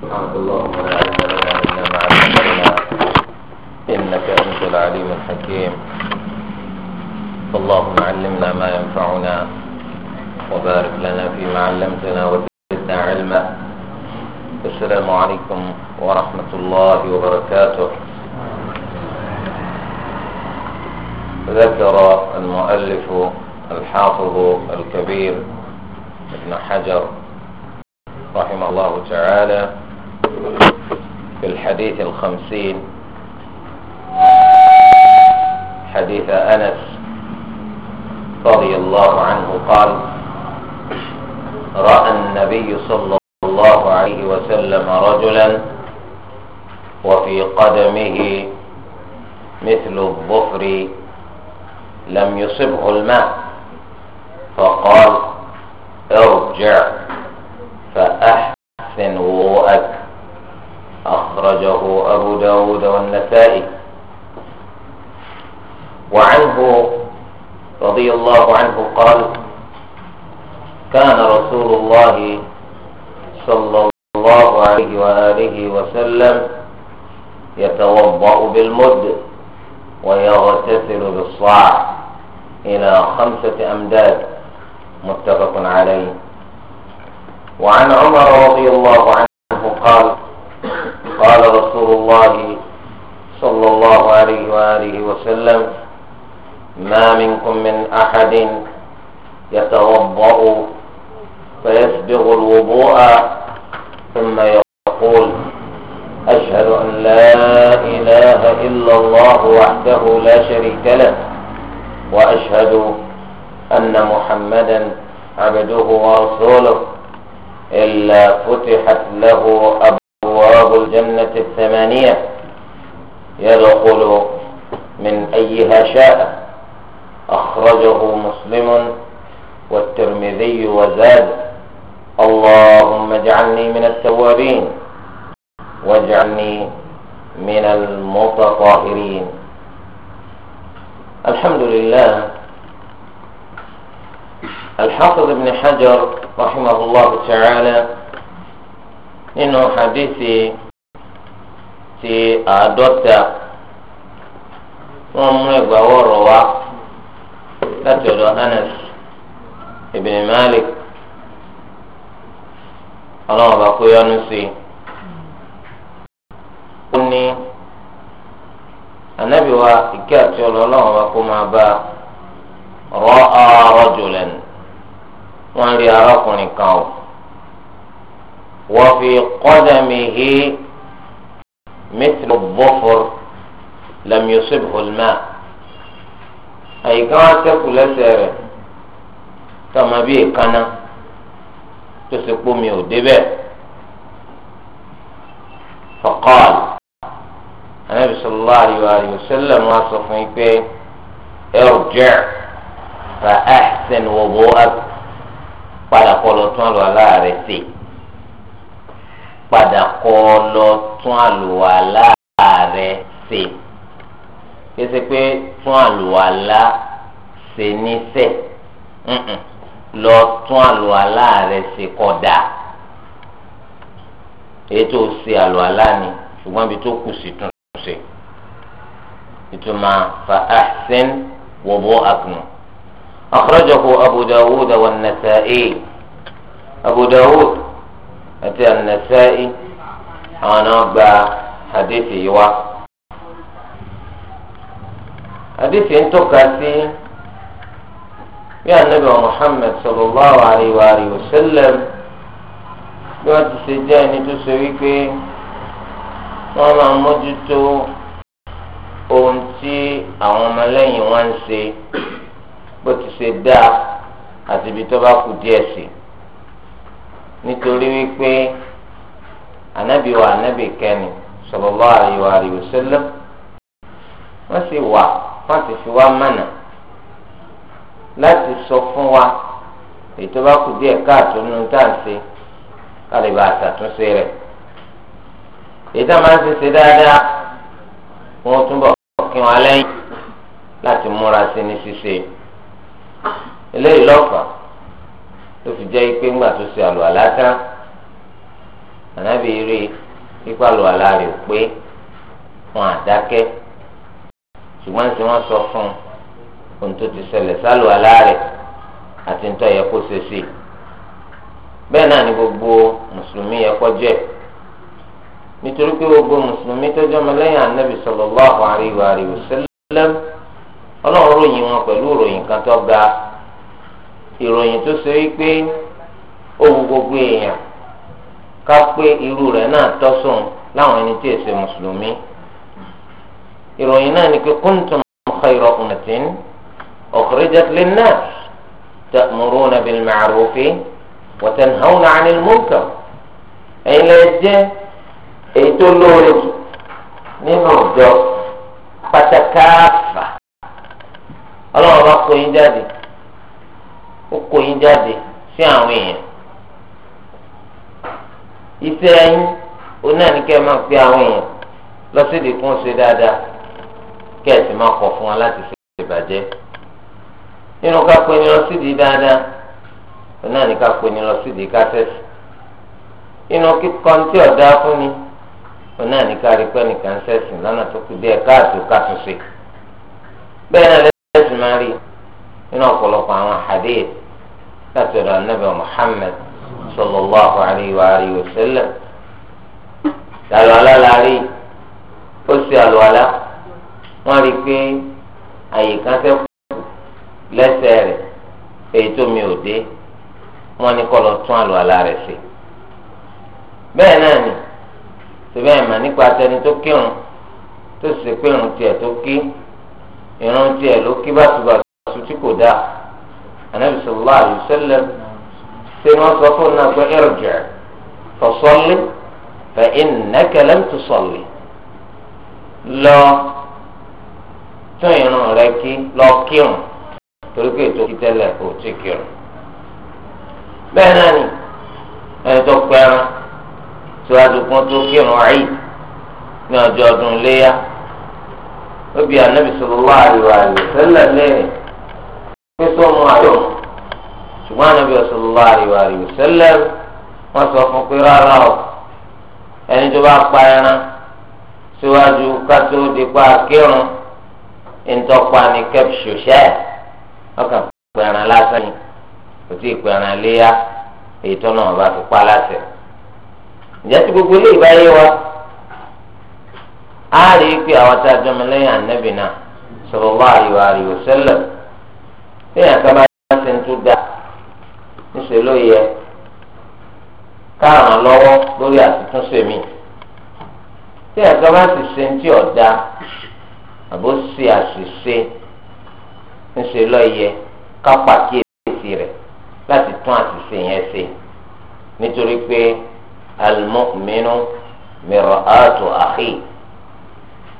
سبحانك اللهم لا علم لنا الا ما علمتنا انك انت العليم الحكيم اللهم علمنا ما ينفعنا وبارك لنا فيما علمتنا وزدنا علما السلام عليكم ورحمه الله وبركاته ذكر المؤلف الحافظ الكبير ابن حجر رحمه الله تعالى في الحديث الخمسين حديث أنس رضي الله عنه قال رأى النبي صلى الله عليه وسلم رجلا وفي قدمه مثل الظفر لم يصبه الماء فقال ارجع فأحسن أخرجه أبو داود والنسائي وعنه رضي الله عنه قال كان رسول الله صلى الله عليه وآله وسلم يتوضأ بالمد ويغتسل بالصاع إلى خمسة أمداد متفق عليه وعن عمر رضي الله عنه قال قال رسول الله صلى الله عليه وآله وسلم ما منكم من أحد يتوضأ فيسبغ الوضوء ثم يقول أشهد أن لا إله إلا الله وحده لا شريك له وأشهد أن محمدا عبده ورسوله إلا فتحت له أبواب أبواب الجنة الثمانية يدخل من أيها شاء أخرجه مسلم والترمذي وزاد اللهم اجعلني من التوابين واجعلني من المتطهرين الحمد لله الحافظ ابن حجر رحمه الله تعالى nínú hadithi ti àádọ́ta wọ́n mú ẹgbàá wọ̀rọ̀ wá láti ọ̀dọ̀ Anas ibn Malik ọlọ́run bá kó yọnu sí i. ó ní anabi wa ìkẹ́ àti ọlọ́run bá kó máa bá rọ́ jùlẹ̀ wọ́n rí arákùnrin kan o. وفي قدمه مثل الظفر لم يصبه الماء أي كانت كل سيرة كما به كان تسقومي ودبه فقال النبي صلى الله عليه وآله وسلم وصفني به ارجع فأحسن وضوءك فلا قلت تعالوا لا رسيك padà kọ́ ọ lọ tún àlùwàlá rẹ ṣe kése pé tún àlùwàlá ṣe níṣẹ́ lọ tún àlùwàlá rẹ ṣe kódà ètò ṣe àlùwàlá ni ṣùgbọ́n ibi tó kù sí tún ṣe ìtumọ̀ fa ahsin wudu'ak akhrajahu Abu Dawud wan-Nasa'i Abu Dawud àti ànàsáì àwọn náà gba hadith yìí wá. hadith ń tọ́ka sí bí anabi muhammed sallallahu alayhi wa sallam bí wọ́n ti ṣe jẹ́ ẹni tó ṣe wípé wọ́n máa mójútó ohun tí àwọn ọmọlẹ́yìn wọn ń ṣe bó ti ṣe dáa àti ibi tó bá kù díẹ̀ sí i nítorí wípé anabi wa anabi kẹni sallallahu alaihi wa sallam wọ́n sì wà wọ́n sì fi wá mọ̀nà láti sọ fún wa ètò bá kù díẹ̀ káàtó nínú táǹsì kálíbà àtàtúnṣe rẹ̀ ètò máa ń ṣiṣẹ́ dáadáa wọ́n túbọ̀ kí wọn lẹ́yìn láti múra sí ní ṣíṣe eléyìí lọ́fàá. tó fi jẹ́ pé ńgbà tó ṣe àlọ́ àlá tán ànábì ipa àlọ́ àlá rè pé wọn àdákẹ́ ṣùgbọ́n tí wọ́n sọ fún ohun tó ti ṣẹlẹ̀ àlá rẹ̀ àti ntọ́ yẹ kó ṣe gbogbo mùsùlùmí yẹ kó gbogbo mùsùlùmí tó jẹ́ ànábì ọlọ́run ròyìn wọn pẹ̀lú kan ìròyìn tó ṣe wípé ohun gbogbo èèyàn ká pé irú rẹ̀ náà tọ́sùn láwọn ẹni tí èsè mùsùlùmí ìròyìn náà ni pé kuntum khayra ummatin ukhrijat linnas ta'muruna bil ma'rufi wa tanhawna 'anil munkar ẹ̀yin lè jẹ́ èyí tó lóore nínú ọ̀dọ́ pátákáfà ọlọ́run bá kó yín jáde. ó kó yín jáde sí àwọn èèyàn ìfẹ́ yín onáníkẹ́ máa fi àwọn èèyàn lọ kún ṣe dáadáa kẹ́ẹ̀sì máa kọ̀ fún wa láti ṣe ìbàjẹ́ nínú ká pé ní dada dáadáa onáníkà pé ní lọ sídìí kásẹ̀sì nínú kíkọ́ tí ọ̀dá fún ni onáníkà rí pé nìkan ṣẹ̀sìn lọ́nà tó kù díẹ̀ káàtó káàtó ṣe bẹ́ẹ̀ náà i. nínú ọ̀pọ̀lọpọ̀ àwọn hadith láti ọ̀dọ̀ anabi muhammed sallallahu alayhi wa alayhi wa sallam làlùwalá la rí ó sì àlùwalá wọ́n rí i pé àyè kan fẹ́ kú lẹ́sẹ̀ rẹ̀ èyí tó mi ò dé wọ́n ní kó lọ tún àlùwalá rẹ̀ ṣe bẹ́ẹ̀ náà ni síbẹ̀ ẹ̀ mà nípa tẹni tó kírun tó sì pé irun tiẹ̀ tó kí irun tiẹ̀ ló kí bàtúbà aṣọ tí kò dáa anabi sallallahu alayhi wa sallam ṣé wọ́n sọ fún náà pé irji' fasalli fa innaka lam tusalli lọ tún irun rẹ kí lọ kírun torí pé ètò ìtẹ́lẹ̀ kò tí kírun bẹ́ẹ̀ náà ni ẹni tó pẹ́ran kan tó kírun ayé ní ọjọ́ ọdún léyà ó bi anabi sallallahu alayhi wa sallam lẹ́yìn. pé sọ́mu àlọ́ ṣùgbọ́n ànábi ọ̀sọ̀lọ́lá àríwá àríwá sẹ́lẹ̀ wọ́n sọ fún pé rárá o ẹni tó bá pa ẹran síwájú kátó di kírun ntọ́pa ni kẹ́pṣù ṣẹ́ ọkàn pé ẹran lásán ni kò tí ì pé ẹran léyà èyí tó náà bá fi pa láṣẹ. tí gbogbo ilé ìbáyé wa á rí i pé àwọn tá a jọmọ lẹ́yìn téèyàn kan bá ṣe ń tún dá níṣẹ́ ló yẹ káràn lọ́wọ́ lórí àtúntúnṣe mi téèyàn kan bá sì ṣe ń tí ọ̀dá àbó ṣe àṣìṣe níṣẹ́ ló yẹ ká pàkíyèsí rẹ̀ láti tún àṣìṣe yẹn ṣe nítorí pé al-mu'minu mir'atu akhi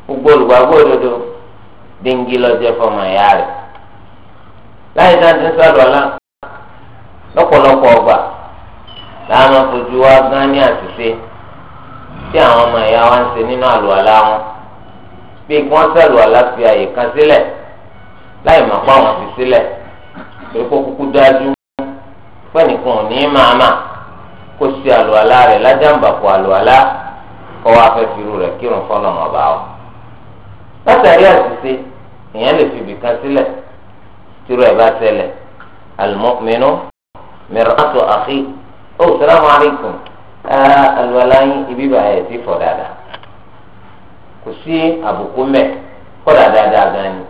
gbogbo olùgbàgbọ́ òdodo dengi lọ́jọ́ fọmọ ìyá rẹ̀. láyé dáadé ń sálọ ọlá lọ́pọ̀lọpọ̀ ọgbà láwọn fojú wa gán ní àtúnṣe tí àwọn ọmọ ìyá wa ń ṣe nínú àlùwàlá wọn bí wọ́n fi àyè kan sílẹ̀ láì mọ̀ pé àwọn fi sílẹ̀ torí kó kúkú dájú pẹ́nìkan ò ní máa mà kó ṣe àlùwàlá rẹ̀ lájàmbàpọ̀ àlùwàlá kọ́ wa tírú ẹ̀ bá ṣẹlẹ̀ alimọ́mìnú mẹ́rọ́tò àfi ó sàlámù alaykum alùpàlàyìn ibi bàá ẹ̀ ti fọ̀ dáadáa kò sí àbùkù mẹ́ kọ́dà dáadáa gan ni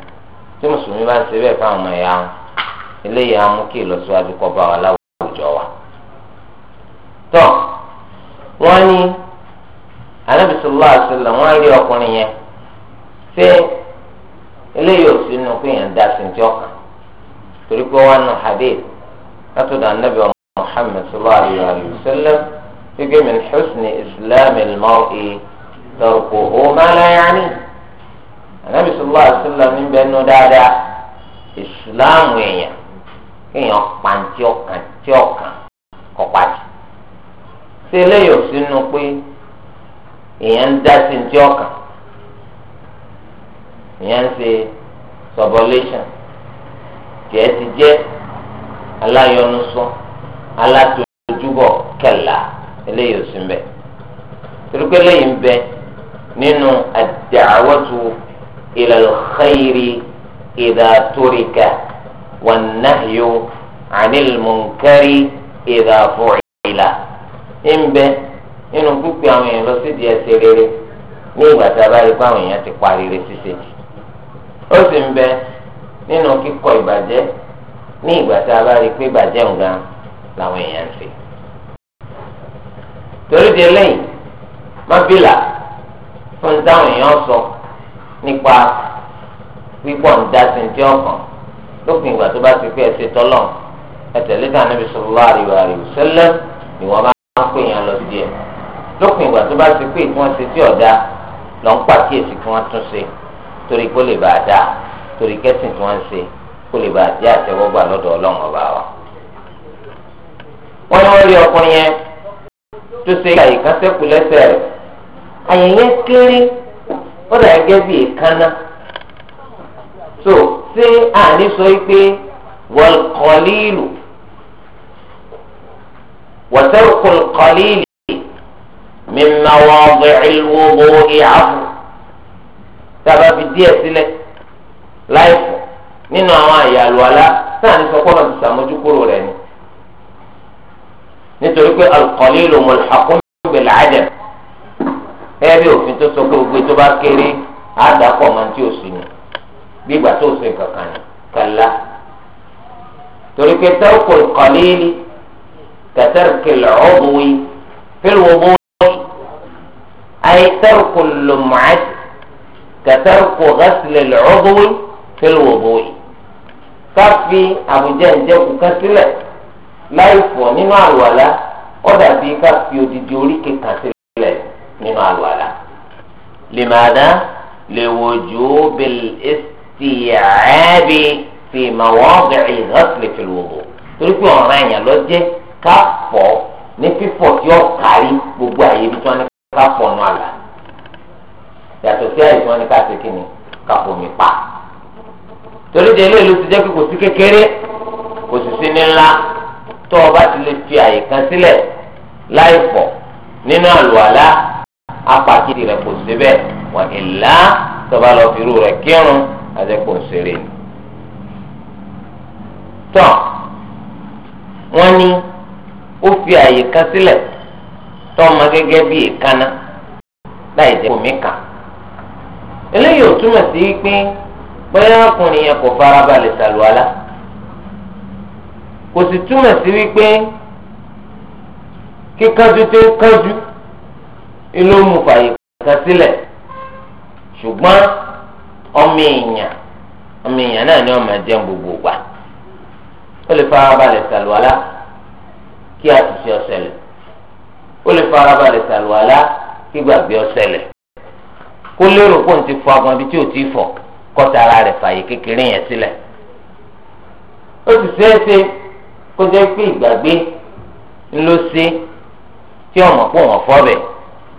tí mùsùlùmí bá ń ṣe bẹ́ẹ̀ fáwọn ọmọ ẹ̀yà wọn eléyìí á mú kí ìlọsíwájú kọ́ bá wa láwùjọ wa. tọ́ wọ́n ní anábìsọ̀lá àṣẹlẹ̀ wọ́n rí ọkùnrin yẹn ṣé eléyìí ò sínú pé yẹn dá sí ní ọkàn. torí pé wọn nù hadith látọ̀dọ̀ anabi muhammed sallallahu alayhi wa sallam fíkẹ́ min xusni islámi lmọ́ọ̀ì tọ̀rọ̀kọ̀ ọ̀mọ́lá yaani anabi sallallahu alayhi wa sallam ní bẹ́ẹ̀ nù dada ìsìláàmù èèyàn kéèyàn pàǹtí ọ̀kan tí ọ̀kan kọ̀ pàtì ṣé eléyìí ò sínú pé èèyàn ń subolation. kẹ́ẹ̀sì jẹ́ aláyọnusọ alátojúbọ̀ kẹlà eléyìí òsì mbẹ torípé eléyìí mbẹ nínú ad-da'watu ila al-khayri idha turika wan-nahyu 'anil munkari idha fu'ila mbẹ nínú pípé àwọn èèyàn lọ sí di ẹsẹ rere ní ìgbà tí a bá rí pé àwọn èèyàn ti parí rẹ ṣíṣe ó sì nínú kíkọ ìbàjẹ́ ní ìgbà tá a bá rí i pé ìbàjẹ́ nǹkan làwọn èèyàn ń ṣe. torí di eléyìí mábìlà fún táwọn èèyàn sọ nípa pípọ̀ ń dá sí ti ọkàn lópin ìgbà tó bá ti pé ẹsẹ̀ tọ́lọ̀ ẹsẹ̀ lẹ́tà níbi sọ̀rọ̀ àríwá àríwá sẹ́lẹ̀ ni wọ́n bá ń pè yàn lọ sí lópin ìgbà tó bá ti pé tí ṣe tí ọ̀dà lọ́n pàkíyèsí kí wọ́n tún ṣe torí kó lè bàa dáa torí kẹ́sìn tí wọ́n ń ṣe kó lè bá àti àtẹwọ́gbà lọ́dọ̀ ọlọ́run ọba wa. wọ́n ní wọ́n rí ọkùnrin yẹn tó ṣe àyè kan lẹ́sẹ̀ rẹ̀ àyè kéré ó dà gẹ́gẹ́ bí èékánná. so ṣé àní sọ pé wọ́n kọ́ lílù وترك القليل من مواضع الوضوء عفو تبقى في الدية سلك láìpọ̀ nínú àwọn àyàlú alá náà ní sọ pọ́nà ti sàmójúkúrò rẹ̀ ni nítorí pé al-qalilu mulhaqun bil-'adam ẹ bí òfin tó sọ pé gbogbo tó bá kéré àdàpọ̀ máa ń tí ò sí ni bí ìgbà tó sìn kankan ni kàlá torí pé tarku al-qalili ka tarki al-'udwi fil-wudu' ay tarku al-lum'ati ka tarku ghasli fẹ́lẹ̀ wò bò yìí káfí àbújá ìjẹkù kan sílẹ̀ láì fọ̀ nínú àlùwàlá ó dàbí káfí odidi oríkè kan sílẹ̀ nínú àlùwàlá lèmàdá lèwòjú bẹ̀lẹ́sìtìyàẹ́bì fi màwọ́ọ̀gà ìhọ́sìlẹ̀ fẹ́lẹ̀ wò bò torí pé ọ̀ràn àyàn lọ jẹ́ ká fọ̀ ní fífọ̀ tí ó kárí gbogbo àyè ibi tí wọ́n ní ká fọ̀ nù àlà yàtọ̀ sí àyè tí wọ́n ní ká ṣe kí ni ká fomi pa torí de ilé ìlú ti jẹ́ pé kò sí kékeré kò sì sí ní ńlá tó o bá ti lè fi àyè kan sílẹ̀ láì pọ̀ nínú àlùwàlá apàkìtì rẹ̀ kò sí bẹ́ẹ̀ wà ìlà tó bá lọ fi irú rẹ̀ kírun àti kò ṣeré tọ́ wọ́n ní ó fi àyè kan sílẹ̀ tó ọmọ gẹ́gẹ́ bí èékánná láì jẹ́ kòmíkà eléyìí ò túmọ̀ sí pé bóyá ọkùnrin yẹn kò farabalẹ̀ sàlùwalá kò sì túmọ̀ sí wípé kíkanjú tó kanjú ló mú fàyè kan sílẹ̀ ṣùgbọ́n ọmọ èèyàn ọmọ èèyàn náà ni ọmọ ẹ̀jẹ̀ gbogbo gbà ó lè farabalẹ̀ sàlùwalá kí àtúnṣe ọ̀sẹ̀lẹ̀ ó lè farabalẹ̀ sàlùwalá kí gbàgbé ọ̀sẹ̀lẹ̀ kó lérò pé òun ti fọ agbọ̀n bí tí ò ti fọ̀. kọ́ta ara rẹ̀ fàyè kékeré yẹn sílẹ̀ ó sì ṣeéṣe kó jẹ́ pé ìgbàgbé ló ṣe tí ọmọ pò wọ́n fọ́bẹ̀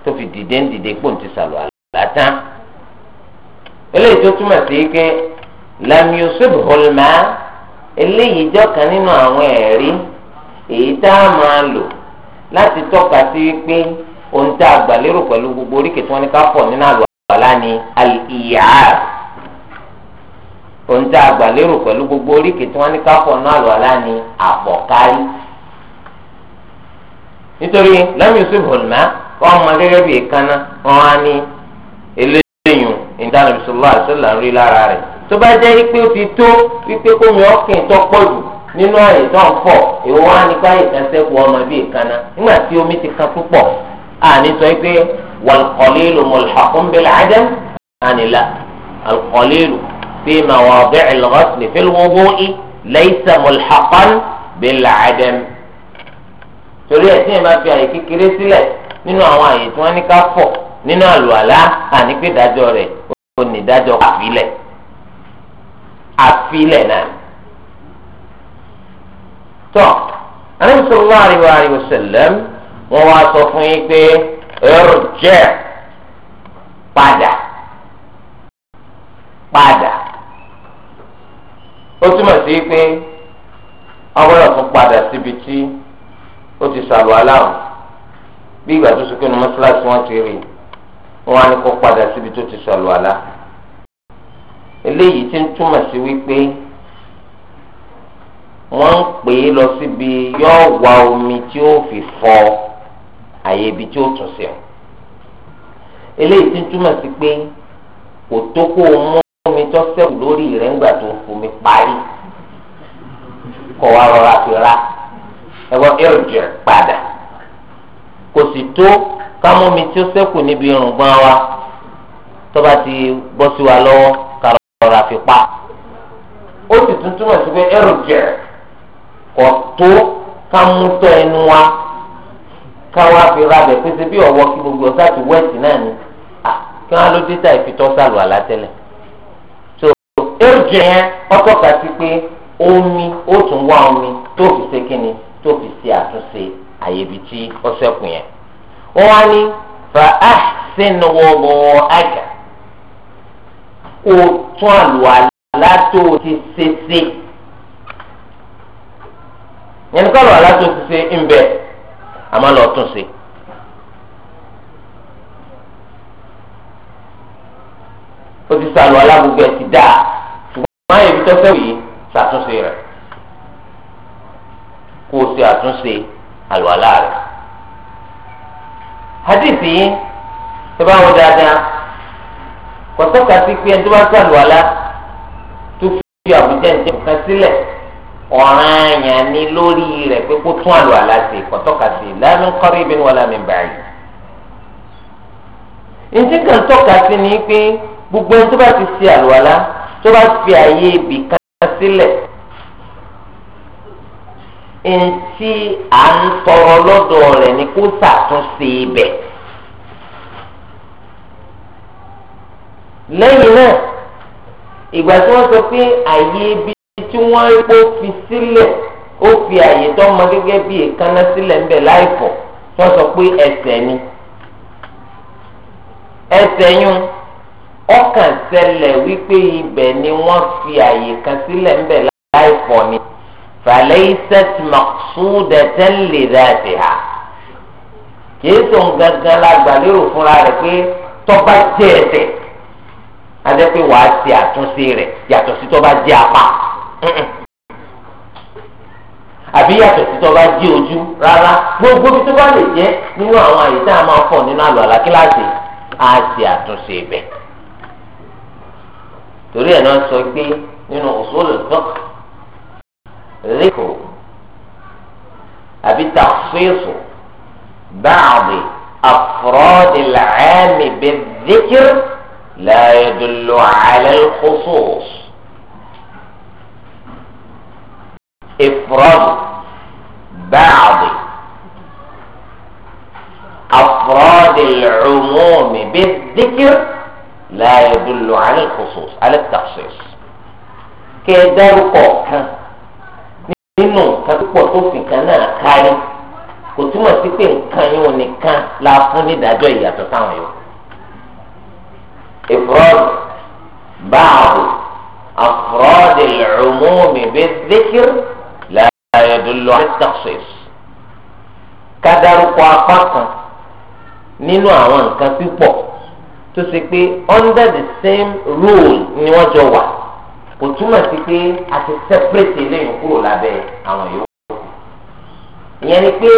tó fi dìde ń dìde pò ń ti sàlù àlátán eléyìí tó túmọ̀ sí pé lamiusub holma eléyìí jọ́kan nínú àwọn ẹ̀rí èyí tá a máa lò láti tọ́ka a gbà lérò pẹ̀lú gbogbo tí wọ́n ní ká pọ̀ nínú àlọ́ ohun tá a gbà lérò pẹ̀lú gbogbo oríkèé tí wọ́n ní káfọ̀ náà lọ alá ni àpọ̀kárí. nítorí lẹ́yìn yusuf olùmọ́ wọ́n mọ gẹ́gẹ́ bí èékánná wọ́n á ní eléyìn ìdáná bisalòlá àṣọlá ń rí lára rẹ̀ tó bá jẹ́ pé ó ti tó wípé kó mi ọ̀kìn tó pọ̀ jù nínú ààyè tó ń fọ̀ èwo wá ní káyè kan sẹ́kù ọmọ bí èékánná nígbà tí omi ti kan púpọ̀ àní sọ pé wal qalilu في مواضع الغسل في الوضوء ليس ملحقا بالعدم torí ẹ tí ẹ máa fi àyè kékeré sílẹ̀ nínú àwọn àyè tí wọ́n ní ká fọ̀ nínú àlùalá àní pé ìdájọ́ rẹ̀ ó ní ìdájọ́ àfilẹ̀ àfilẹ̀ náà. tọ́ àníṣòwò àríwá àríwá sẹ̀lẹ̀m wọ́n wá sọ fún yín pé ẹ̀rọ jẹ́ padà padà ó túmọ̀ sí pé ọgbọ́dọ̀ tún padà síbi tí ó ti sàlù aláwọ̀ bí ìgbà tó sọkè ní mọ́ṣáláṣí wọn ti rí wọn á ní kó padà síbi tó ti sàlù alá eléyìí ti ń túmọ̀ sí wípé wọ́n ń pè é lọ síbi yóò wá omi tí ó fi fọ àyè ibi tí ó tún sí ọ eléyìí ti ń túmọ̀ sí pé kò tó kó o mú omi tó sẹ́kù lórí rẹ̀ ńgbà tó fọ mi parí kọ́ wa rọra fi ra ẹ̀wọ̀n ẹ̀rọ̀jẹ̀ padà kò sì tó kámú mi tí ó sẹ́kù níbi irùngbọ̀n wa tó bá ti bọ́ sí wa lọ́wọ́ ká rọra fi pa ó sì tún túmọ̀ sí pé ẹ̀rọ̀jẹ̀ kò tó kámú tọ́ ẹnu wa káwa fi ra bẹ̀ pèsè bí ọ̀wọ́ kí gbogbo ọ̀sá ti wẹ̀sì náà ni kí wọ́n á ló dé ta ìfitọ́ sálù àlá èròjì yẹn ọkọ̀ kà sí pé omi ó tún wá omi tó fi ṣe kíni tó fi ṣe àtúnṣe àyèbí tí ó ṣẹ́kù yẹn. wọ́n á ní fa ahsin wudu'aka kó tún àlùwàlá tó ti ṣe ṣe yẹn ní kálọ̀ àlá tó ti se. ń bẹ àmọ́ lọ́ọ́ tún ṣe. ó ti sàlù alágbègbè ti dáa báyìí tó fẹ́ yìí ṣàtúnṣe rẹ̀ kó o ṣe àtúnṣe àlùwàlá rẹ̀. hadith yìí tó bá wọn dáadáa kò tọ́ka sí pé ẹni tó bá ṣàlùwàlá tó fi àbújá ìjẹun kan sílẹ̀ ọ̀ràn àyàn ni lórí rẹ̀ pé kó tún àlùwàlá ṣe kò tọ́ka sí la min qaribin wala min ba'id. ìdí tọ́ka sí ni pé gbogbo ẹni tó bá ti ṣe àlùwàlá. tó bá fi àyè ibì kan sílẹ̀ ntí à ń tọrọ lọ́dọ̀ rẹ̀ ni kó ṣàtúnṣe ibẹ̀ lẹ́yìn náà ìgbà tí wọ́n sọ pé àyè ibi tí wọ́n kó fi sílẹ̀ ó fi àyè tó mọ gẹ́gẹ́ bí èékánná sílẹ̀ ń bẹ̀ láìpọ̀ wọ́n sọ pé ẹsẹ̀ ni ẹsẹ̀ yún. ọkàn ṣẹlẹ̀ wípé ibẹ̀ ni wọ́n fi àyè kan sílẹ̀ ń bẹ̀ láì fọ́ ni falaysat maqsudatan li dhatiha kìí tó ń gangan la gbàlérò fúnra rẹ̀ pé tọ́ba jẹ́ ẹsẹ̀ adé pé wàá ṣe àtúnṣe rẹ̀ yàtọ̀ sí tọ́ba jẹ́ apá àbí yàtọ̀ sí tọ́ba jẹ́ ojú rárá gbogbo bí tó bá lè jẹ́ nínú àwọn àyè tá a máa fọ̀ nínú àlọ́ àlákíláàsì á ṣe àtúnṣe ibẹ̀. torí ẹ̀ náà sọ pé nínú usul al-fiqh dhikru àbí takhsisu ba'd afrad al-'am bi-dhikr la yadullu 'ala al-khusus ifrad ba'd afrad al-'umum bi-dhikr. la yadullu ala al-khusus ala al-takhsis kí ẹ dárúkọ kan nínú nǹkan púpọ̀ tó fi kan náà kárí kò túmọ̀ sí pé nǹkan yóò nìkan la fún nídàájọ́ ìyàtọ̀ táwọn yòó. إفراد بعض أفراد العموم بالذكر لا يدل على التخصيص ká dárúkọ apá kan nínú àwọn nǹkan púpọ̀ tó ṣe pé under the same rule ni wọ́n jọ wà kò túmọ̀ sí pé a ti separate eléyìí kúrò lábẹ́ àwọn yòókù ìyẹn ni pé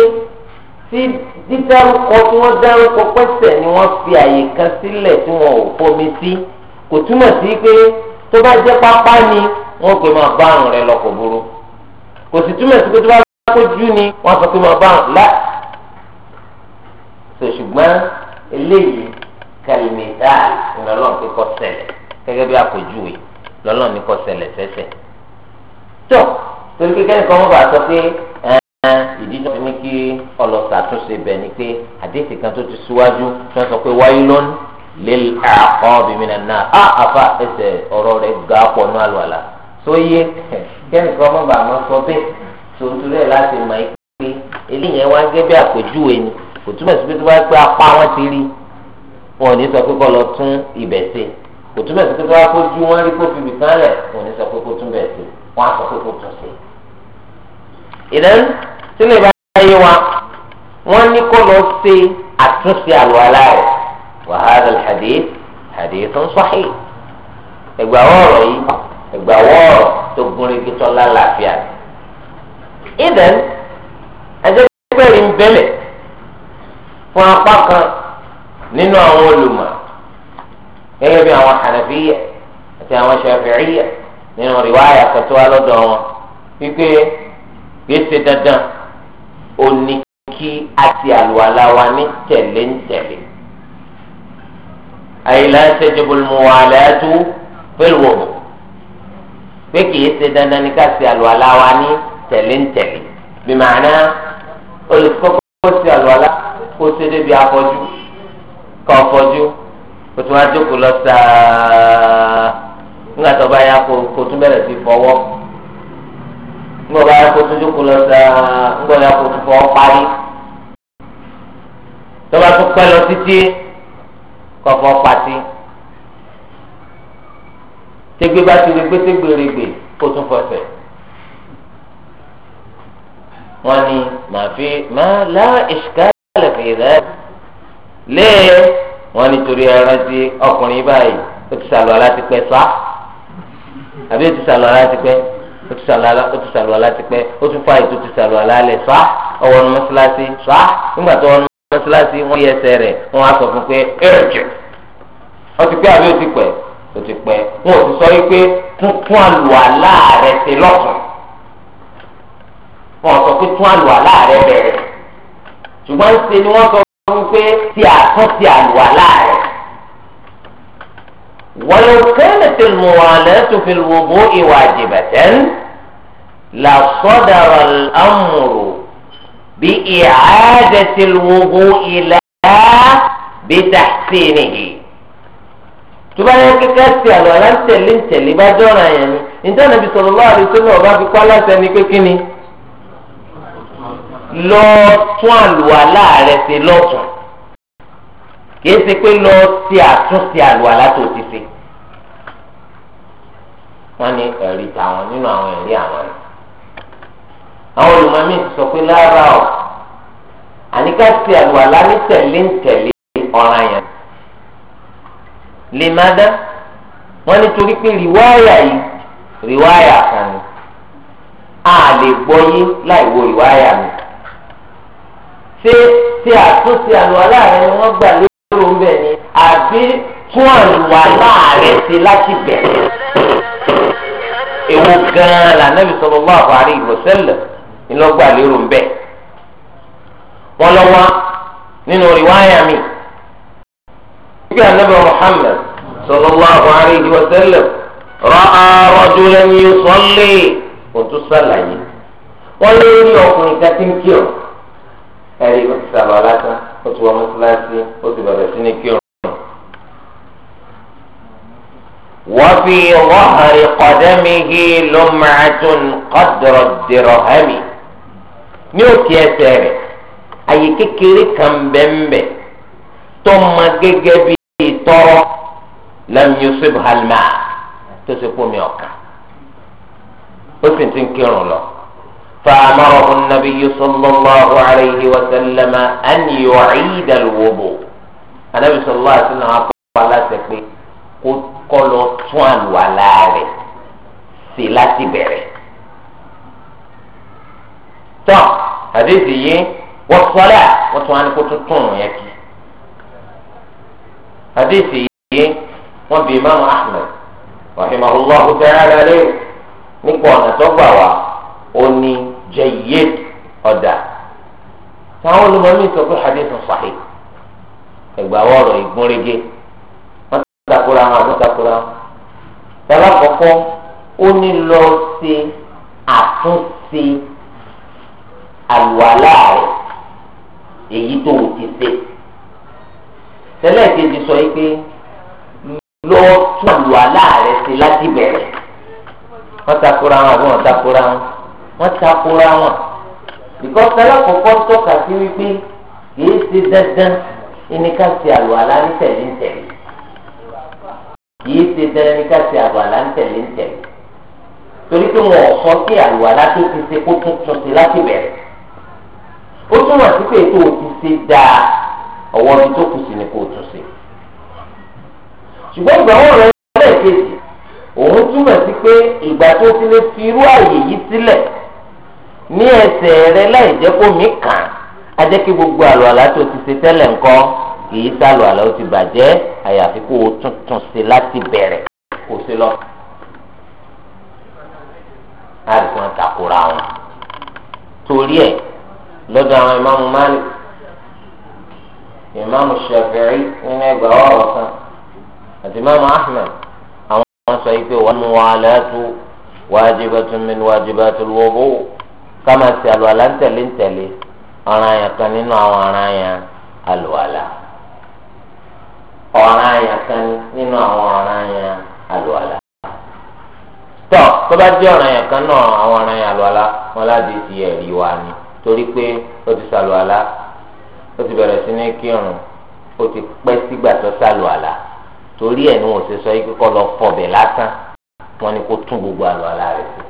tí dídárúkọ tí wọ́n dárúkọ pẹ́sẹ̀ ni wọ́n fi àyè kan sílẹ̀ tí wọ́n ò fomi sí kò túmọ̀ sí pé tó bá jẹ́ pápá ni wọ́n pè máa bá àrùn rẹ lọ kò burú kò sì túmọ̀ sí pé tó bá kójú ni wọ́n sọ pé máa bá àrùn lá ṣùgbọ́n eléyìí kẹlẹmẹta ńlọlọ́n ti kọ́ ṣẹlẹ̀ gẹ́gẹ́ bí àpèjúwe lọ́lọ́n ní kọ́ ṣẹlẹ̀ sẹ́sẹ̀. tó torí pé kẹ́nìkan wọ́n bá sọ pé ìdí tó fi ní kí ọlọ́sà tún ṣe bẹ̀ ni pé àdéhìí kan tó ti síwájú tí wọ́n sọ pé wáyé lọ́n lè àkọ́ bìmínà náà á àfa ẹsẹ̀ ọ̀rọ̀ rẹ̀ ga pọ̀ ní àlùwàlà tó yé kẹ́nìkan wọ́n bá wọn sọ bẹ́ẹ̀ tó láti mọ̀ pé eléyìí wá gẹ́gẹ́ bí àpèjúwe ni kò túmọ̀ sí pé tó bá pẹ́ apá wọn ti rí i wọn ò ní sọ pé kọ́ lọ tún ibẹ̀ ṣe kò túbẹ̀ sí pé kí wọ́n kójú wọn rí kó fi ibì kan lẹ̀ wọn ò ní sọ pé kó tún bẹ̀ ṣe wọn á sọ pé kó tún ṣe. ìdán sílẹ̀ bá yé wa wọ́n ní kó lọ ṣe àtúnṣe àlùwalá rẹ̀ wa hadha al-hadith hadithun sahih ẹgbàwọ́ ọ̀rọ̀ yìí ẹgbàwọ́ ọ̀rọ̀ tó gúnrégé tó lálàáfíà ìdán ẹjẹ́ gbẹ̀rín bẹ́lẹ̀ fún apá kan nínú àwọn olùmọ̀ gẹ́gẹ́ bí àwọn hànàfíyà àti àwọn ṣàfíìyà nínú rìwáyà kẹtọ́ alọ́dọ̀ wọn wípé gbèsè dandan òní kí àti àlùwàlà wa ní tẹ̀lé ń tẹ̀lé àyìnlá tajibul muwalatu fil wudu pé kìí ṣe dandan ní ká ṣe àlùwàlà wa ní tẹ̀lé ń tẹ̀lé bí màánà olùkọ́kọ́ ṣe àlùwàlà kó ṣe débi afọ́jú kọ́ fọ́jú kó tún wá jókòó lọ sáà nígbà tó bá yá kó tún bẹ̀rẹ̀ sí fọwọ́ nígbà bá yá kó tún jókòó lọ sáà nígbà bá yá kó tún fọwọ́ parí tó bá tún pẹ́ lọ títí kọ́ fọ́ pàtí tẹgbẹ́ bá ti rí gbẹ́sẹ̀gbẹ̀rẹ̀gbẹ̀ kó tún fọṣẹ wọ́n ní màá fi máa lá ìṣúká lẹ́fẹ̀ẹ́ rẹ̀ lé wọn nítorí ẹran tí ọkùnrin báyìí ó ti sàlọ láti pẹ́ sá àbí ó ti sàlọ láti pẹ́ ó ti sàlọ láti pẹ́ ó tún fa ètò ti sàlọ alálẹ sá ọwọ́ nu mọ́ṣáláṣí sá nígbà tó wọn mọ́ṣáláṣí wọn yẹ ẹsẹ̀ rẹ̀ wọn á sọ fún pé ẹrẹjẹ ó ti pẹ́ àbí ó ti pẹ́ ó ti pẹ́ wọn ò ti sọ yìí pé tún àlùwàlá rẹ̀ ti lọsùn wọn sọ pé tún àlùwàlá rẹ̀ bẹ̀rẹ̀ ṣùgbọ́n ṣe ni wọ́n sọ wípé tí a tún ti àlùwà láàrẹ̀. ولو كانت الموالاة في الوضوء واجبة لصدر الأمر بإعادة الوضوء لا بتحسينه tuba yẹn kíkẹ́ sí àlọ́ aláǹtẹ̀lé ńtẹ̀lé bá dọ́ra yẹn ni nítorí Ànábì sallallahu alaihi ọba fi kọ́ aláṣẹ ni pé kí lọ tún àlùwàlá rẹ ṣe lọ́tún kìí ṣe pé lọ ṣe àtúnṣe àlùwàlá tó ti ṣe. wọ́n ní ẹ̀rí tàwọn nínú àwọn ẹ̀rí àwọn ni. àwọn olùmọ̀mí ti sọ pé lára ọ̀ àníká ṣe àlùwàlá ní tẹ̀lé ń tẹ̀lé ọ̀ràn yẹn. lè má dá wọ́n nítorí pé rìwáyà yìí rìwáyà kan ni a lè gbọ́ yé láì wo rìwáyà mi ṣé ṣe àtúnṣe àlùwàlá rẹ ni wọ́n gbà lérò ń bẹ̀ ni àbí tún àlùwàlá rẹ ṣe láti bẹ̀rẹ̀. èwo gan-an lànàbì sallallahu alaihi wasallam ni wọ́n gbà lérò ń bẹ̀. wọ́n lọ wá nínú rìwáyà mi. ìgbà ànábì Muhammad sallallahu alaihi wasallam ra'a rajulan yusalli kò tún sàlàyé. wọ́n lé ní ọkùnrin kan tí ń kírun. ẹ̀rí ó ti sàlọ̀ aláta ó ti wọ mọ́sálásí ó ti bẹ̀rẹ̀ sí ní kírun. ló máa tún kọ́dọ̀rọ̀ dẹ̀rọ̀ hẹ́mi ní òkè ẹsẹ̀ rẹ̀ àyè kékeré kan bẹ́ẹ̀nbẹ́ tó ma gẹ́gẹ́ bí ìtọ́rọ́ lam yusuf halima tó ti kú mi ọ̀kan ó sì ti ń kírun lọ. فأمره النبي صلى الله عليه وسلم أن يعيد الوضوء النبي صلى الله عليه وسلم قال سكبي قل توان ولا سلاتي بري طب هذه والصلاة وتوان كتتون يكي هذه وبإمام أحمد رحمه الله تعالى ليه نقول نتوبة وني jayyid ọ̀dà táwọn olùmọ̀mí sọ pé hadith sahih ẹgbàáwọ̀ ọ̀rọ̀ ìgúnrégé wọ́n takora wọn àbí takora wọn. bàbá kọ̀kọ́ ó ní lọ ṣe àtúnṣe àlùwàlá rẹ̀ èyí tó o ti ṣe. tẹ́lẹ̀ kejì sọ yìí pé lọ tún àlùwàlá rẹ̀ ṣe láti bẹ̀rẹ̀ wọ́n takora wọn àbí wọ́n wọn wọ́n takora wọn because tẹ́lẹ̀ kọ́kọ́ tọ́ka sí wípé kìí ṣe dandan ẹnìkan ṣe àlùwàlá ní tẹ̀lé ń tẹ̀lé kìí ṣe dandan ẹnìkan ṣe àlùwàlá ní tẹ̀lé ń tẹ̀lé torí pé wọn ò sọ kí àlùwàlá tó ti ṣe kó tún tún ṣe láti bẹ̀rẹ̀ ó túmọ̀ sí pé ètò òtún ṣe dáa ọwọ́ ibi tó kù sí ni kò tún ṣe ṣùgbọ́n ìgbà wọn rẹ̀ lẹ́ẹ̀kejì òun túmọ̀ sí pé ìgbà tó ti lè fi irú àyè yìí sílẹ̀ ní ẹsẹ̀ rẹ láì jẹ́ kó mi kàn á jẹ́ kí gbogbo àlùwàlá tó ti ṣe tẹ́lẹ̀ ńkọ́ kìí sàlùwàlá ó ti bàjẹ́ àyàfi kó o tuntun ṣe láti bẹ̀rẹ̀ kó o ṣe lọ. àdìsàn takora wọn torí ẹ̀ lọ́dọ̀ àwọn ìmáàmù Malik ìmáàmù Shafi'i nínú ẹgbàá ọ̀rọ̀ kan àti ìmáàmù Ahmed àwọn sọ yìí pé wal muwalatu wajibatun min wajibatil wudu kama ṣe àlùwàlà ń tẹ̀lé ń tẹ̀lé ọ̀ràn àyàn kan nínú àwọn ọ̀ràn àyàn àlùwàlà ọ̀ràn àyàn kan nínú àwọn ọ̀ràn àyàn àlùwàlà. tọ́ tó bá jẹ́ ọ̀ràn àyàn kan náà àwọn ọ̀ràn àyàn àlùwàlà wọn láti ti ẹ̀rí wa ni torí pé ó ti ṣàlùwàlà ó ti bẹ̀rẹ̀ sí ní kírun ó ti pẹ́ sígbà tó ṣàlùwàlà torí ẹ̀ ni wọ́n ṣe sọ yìí kó lọ fọbẹ̀ lásán tún gbogbo àlùwàlà rẹ̀ sí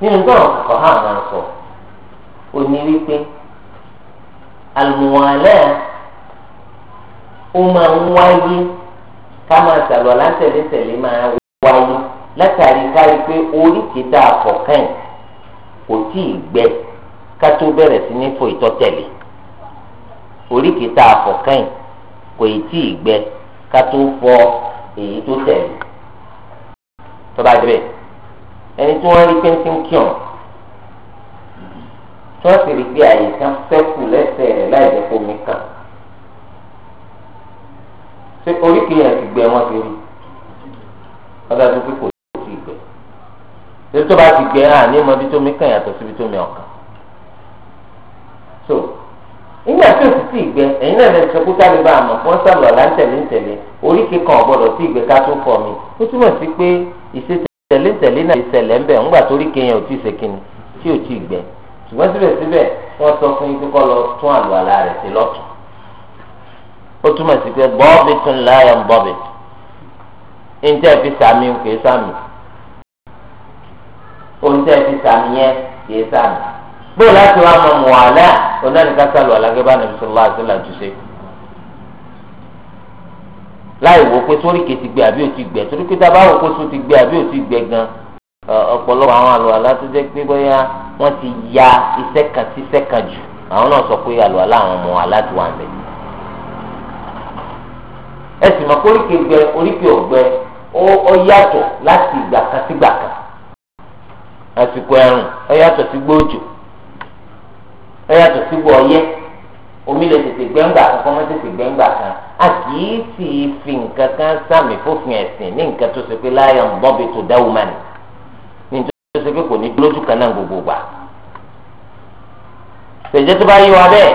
nínú tó àwọn kọ̀ọ̀hán máa ń sọ ó ní wípé àlùmọ̀ọ́lẹ́ ó máa ń wáyé ká máa sàlọ̀ látẹ̀lẹ́tẹ̀lé máa wáyé látàrí káyí pé oríkèé tá a fọ̀ kẹ́yìn kò tí ì gbẹ ká tó bẹ̀rẹ̀ sí ní fò ìtọ́tẹ̀lé oríkèé tá a fọ̀ kẹ́yìn kò tí gbẹ ká tó fọ èyí tó tẹ̀lé tó bá ẹni tí wọ́n rí péńtì ń kíọ̀ tí wọ́n sì rí pé àyè kan sẹ́kù lẹ́sẹ̀ rẹ̀ láì jẹ́ fómi kan ṣé oríkèé yẹn ti gbẹ wọn ti rí ọ̀dà tó pé kò sí ìgbẹ́ ṣé tó bá ti gbẹ hàn ní ọmọ bí tó mi kàn yàtọ̀ síbi tó mi ọ̀kan so nígbà tí òtún sí ìgbẹ́ ẹ̀yin náà lè sọ kúta lè bá àmọ́ fún sàlọ láńtẹlẹ ńtẹlẹ oríkèé kan ọgbọ́dọ̀ sí ìgbẹ́ ká tó fọ mi ó túmọ̀ sí pé ìṣètò tẹ̀léǹtẹ̀lé náà ìṣẹ̀lẹ̀ ń bẹ̀ ńgbà torí kéèyàn ò tí ì ṣèkínni tí ò tí ì gbẹ ṣùgbọ́n síbẹ̀síbẹ̀ wọ́n sọ fún yín kíkọ́ lọ tún àlùwàlá rẹ̀ sí lọ́tún ó túmọ̀ sí pé bọ́ọ̀bì tún láyọ̀ ń bọ́ọ̀bì ńjẹ́ fi sàmì kì í sàmì oúnjẹ fi sàmì yẹn kì í sàmì gbọ́dọ̀ láti wá mọ̀ mọ̀ àlẹ́ onáníkà sàlùwàlá gẹ́gẹ́ bá nàbísọ̀ láì wò pé sóríkè ti gbe àbí òtí torí pé ti gbẹ àbí òtí gbẹ gan ọ̀pọ̀lọpọ̀ àwọn àlùwàlá tó jẹ́ pé bóyá wọ́n ti ya iṣẹ́ kan sí iṣẹ́ kan jù àwọn náà sọ pé àlùwàlá àwọn ọmọ aláàtì wà mẹ́. ẹ sì mọ̀ pé gbẹ oríkè ọ̀gbẹ ó yàtọ̀ láti ìgbà kan sí ìgbà kan àsìkò ẹ̀rùn ó yàtọ̀ sí gbòòjò ó yàtọ̀ sí gbòòyẹ omi lè tètè a kì í sì fi nǹkan kan sàmì fòfin ẹ̀sìn ní nǹkan tó ṣe pé láyọ̀ ń bọ́ bí tó dáwọ́ mọ́ni ní tó ṣe pé kò ní lójú kan náà gbogbo gbà. ṣèjẹ́ tó bá yí wa bẹ́ẹ̀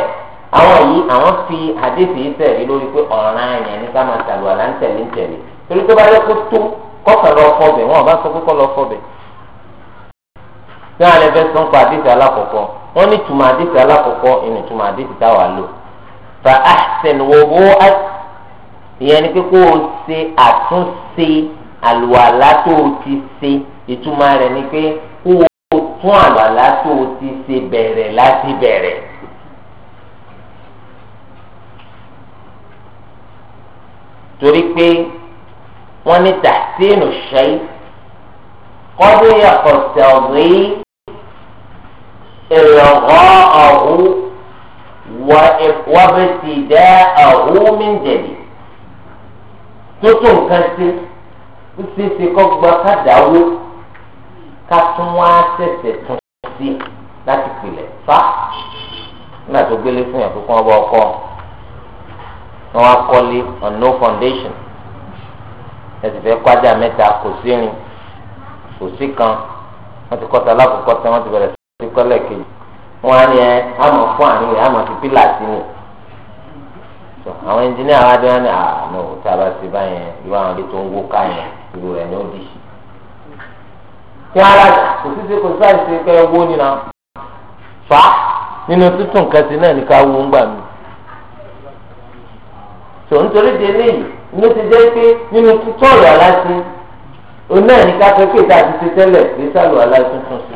àwọn yìí àwọn fi àdéhùn yìí tẹ̀lé lórí pé ọ̀ràn àyàn ní ká máa tàlù àlá ń tẹ̀lé ń tẹ̀lé torí tó bá yẹ kó tó kọ́kàn lọ fọbẹ̀ wọn ò bá sọ pé kọ́ lọ fọbẹ̀. tí wọn lè fẹ́ sọ ń pa àdéhùn alákọ̀ọ́kọ́ wọn ní tùmọ̀ àdéhùn alákọ̀ọ́kọ́ ìnìtùmọ̀ àdéhùn táwa lò. fa ahsan wudu'ak ìyẹn ni pé kó o ṣe àtúnṣe àlùwàlá tó o ti ṣe ìtumọ̀ rẹ̀ ni pé kó o tún àlùwàlá tó o ti ṣe bẹ̀rẹ̀ láti bẹ̀rẹ̀. torí pé wọ́n ní tàṣínù ṣe kọ́dé yàtọ̀ tẹ̀wé ìrànwọ́ ọ̀hún wọ́n bẹ ti dẹ́ ọ̀hún mí jẹ̀bi tó tó nǹkan ṣe ó ṣeé ṣe kọ́ gba kádàáwó ká tún wá ṣẹ̀ṣẹ̀ tún sí láti pilẹ̀ fa nígbà tó gbélé fún yàn kókó wọn bá ọkọ wọn wá kọ́lé on no foundation ẹsì fẹ́ kọjá mẹ́ta kò sí irin kò sí kan wọ́n ti kọ́ta alákòókò tán wọ́n ti bẹ̀rẹ̀ sí kọ́lẹ̀ kejì wọ́n á ní ẹ àmọ̀ fún àníwẹ̀ àmọ̀ fi pílà sí ni so àwọn ẹnjìníà wa dé wọn ni àà nù a bá ti bá yẹn irú àwọn ibi tó ń wó ká yẹn irú rẹ̀ ni ó di. tí wọn bá kò sí ṣe kò sí àìsí pé owó nínú fa nínú tútù nǹkan sí náà ní ká wó ń gbà mí. so nítorí di eléyìí ló ti jẹ́ pé nínú tútù ọ̀rọ̀ aláṣẹ òun náà ní ká fẹ́ pé ìta àti ṣe tẹ́lẹ̀ kì sàlù aláṣẹ tuntun sí.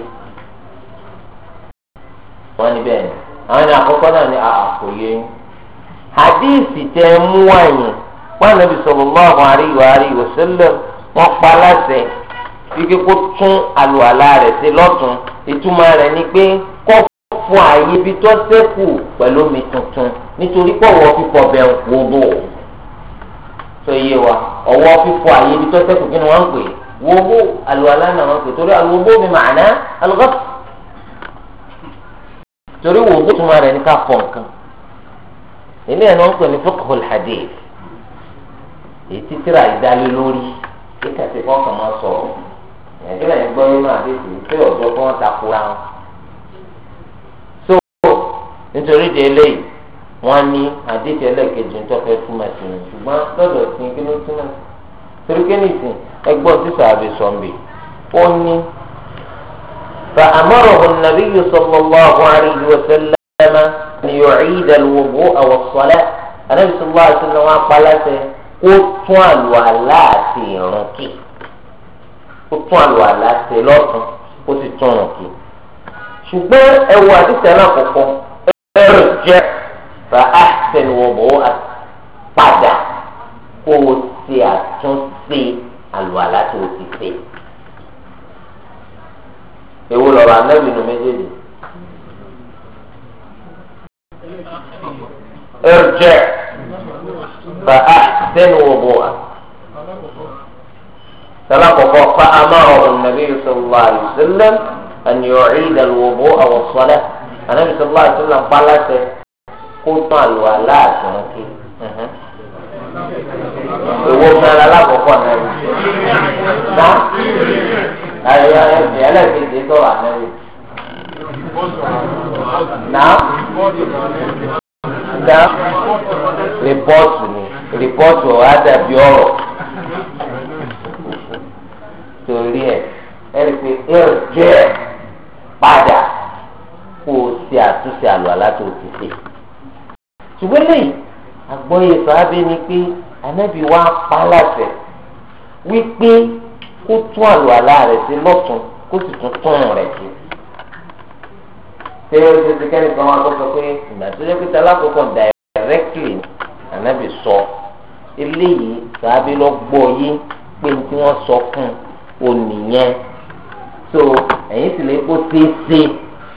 wọ́n ní bẹ́ẹ̀ ni àwọn ẹni àkọ́kọ́ náà ni àkòyé yín hadisi tẹ mú wáyé wọn nàbí sallallahu alaihi wa alihi wa sallam wọn pa láṣẹ fíkẹ́ kó tún àlùwàlá rẹ̀ sí lọ́tún ìtumọ̀ rẹ̀ ni pé kọ́ fún ààyè ibi tó ṣẹ́kù pẹ̀lú omi tuntun nítorí pé ọwọ́ fífọ bẹ̀ ń kú bò ó tó yé wa ọwọ́ fífọ ààyè ibi tó ṣẹ́kù kí ni wọ́n ń pè wọ́bó àlùwàlá náà wọ́n pè torí àlùwọ́bó mi màánà alùpàpù torí wọ́bó ìtumọ̀ rẹ̀ ni ká fọ̀ nǹkan ilé ẹ̀ náà ń pè ní fiqhul hadith èyí títíra ìdálé lórí kíkà sí fún ọkàn máa sọ̀rọ̀ nàìjíríà yẹn gbọ́ nínú àdéhùn pé ọ̀dọ́ fún wọn takora wọn. so nítorí di eléyìí wọ́n ní àdéhùn ẹlẹ́ẹ̀kejì tó fẹ́ túmọ̀ sí ṣùgbọ́n lọ́dọ̀ sí kí ló túmọ̀ torí kí ni ìsìn ẹgbọ́n sísọ àbẹ̀sọ̀mbì ó ní. فأمره النبي صلى الله عليه وسلم an yu'ida al-wudu'a was-salah anabi sallallahu alaihi wasallam wọn apalásẹ kó tún àlùwàlá àti ìrun kì kó tún àlùwàlá àti lọ́tún kó sì tún ìrun kì ṣùgbọ́n ẹwọ àdìsẹ́ náà kọ̀kọ́ ẹrù jẹ́ fa ahsan wudu'a padà kó o ti àtúnṣe àlùwàlá tó o ti ṣe. èwo lọ́rọ̀ anábìnú méjèèjì. ارجع فأحسن وضوءك تلقف فأمره النبي صلى الله عليه وسلم أن يعيد الوضوء والصلاة النبي صلى الله عليه وسلم قال قلنا الولاء شركي owó fún ara lákòókò náà ná ayọ̀ ẹlẹ́gbẹ̀ẹ́ tó wà náà náà náà rìpọ́tù ni rìpọ́tù á dàbí ọ̀rọ̀ torí ẹ̀ ẹ̀rí pé ẹ̀rù jẹ́ padà kó o àtúnṣe àlọ́ aláta òtítì. ṣùgbọ́n lẹ́yìn àgbọ̀yé sọ́ábẹ́ ni pé ànábì wa pa láṣẹ wípé kó tún àlọ́ àlá rẹ̀ sí lọ́tún kó sì tún tún rẹ̀ sí ṣé ó ṣe ti kẹ́ni kan wá tó sọ pé ìgbà tó yẹ pé tala kọ́kọ́ directly ànábì sọ eléyìí sàábí lọ gbọ́ yé pé tí wọ́n sọ fún o nìyẹn so ẹ̀yìn sì lè kó ṣeéṣe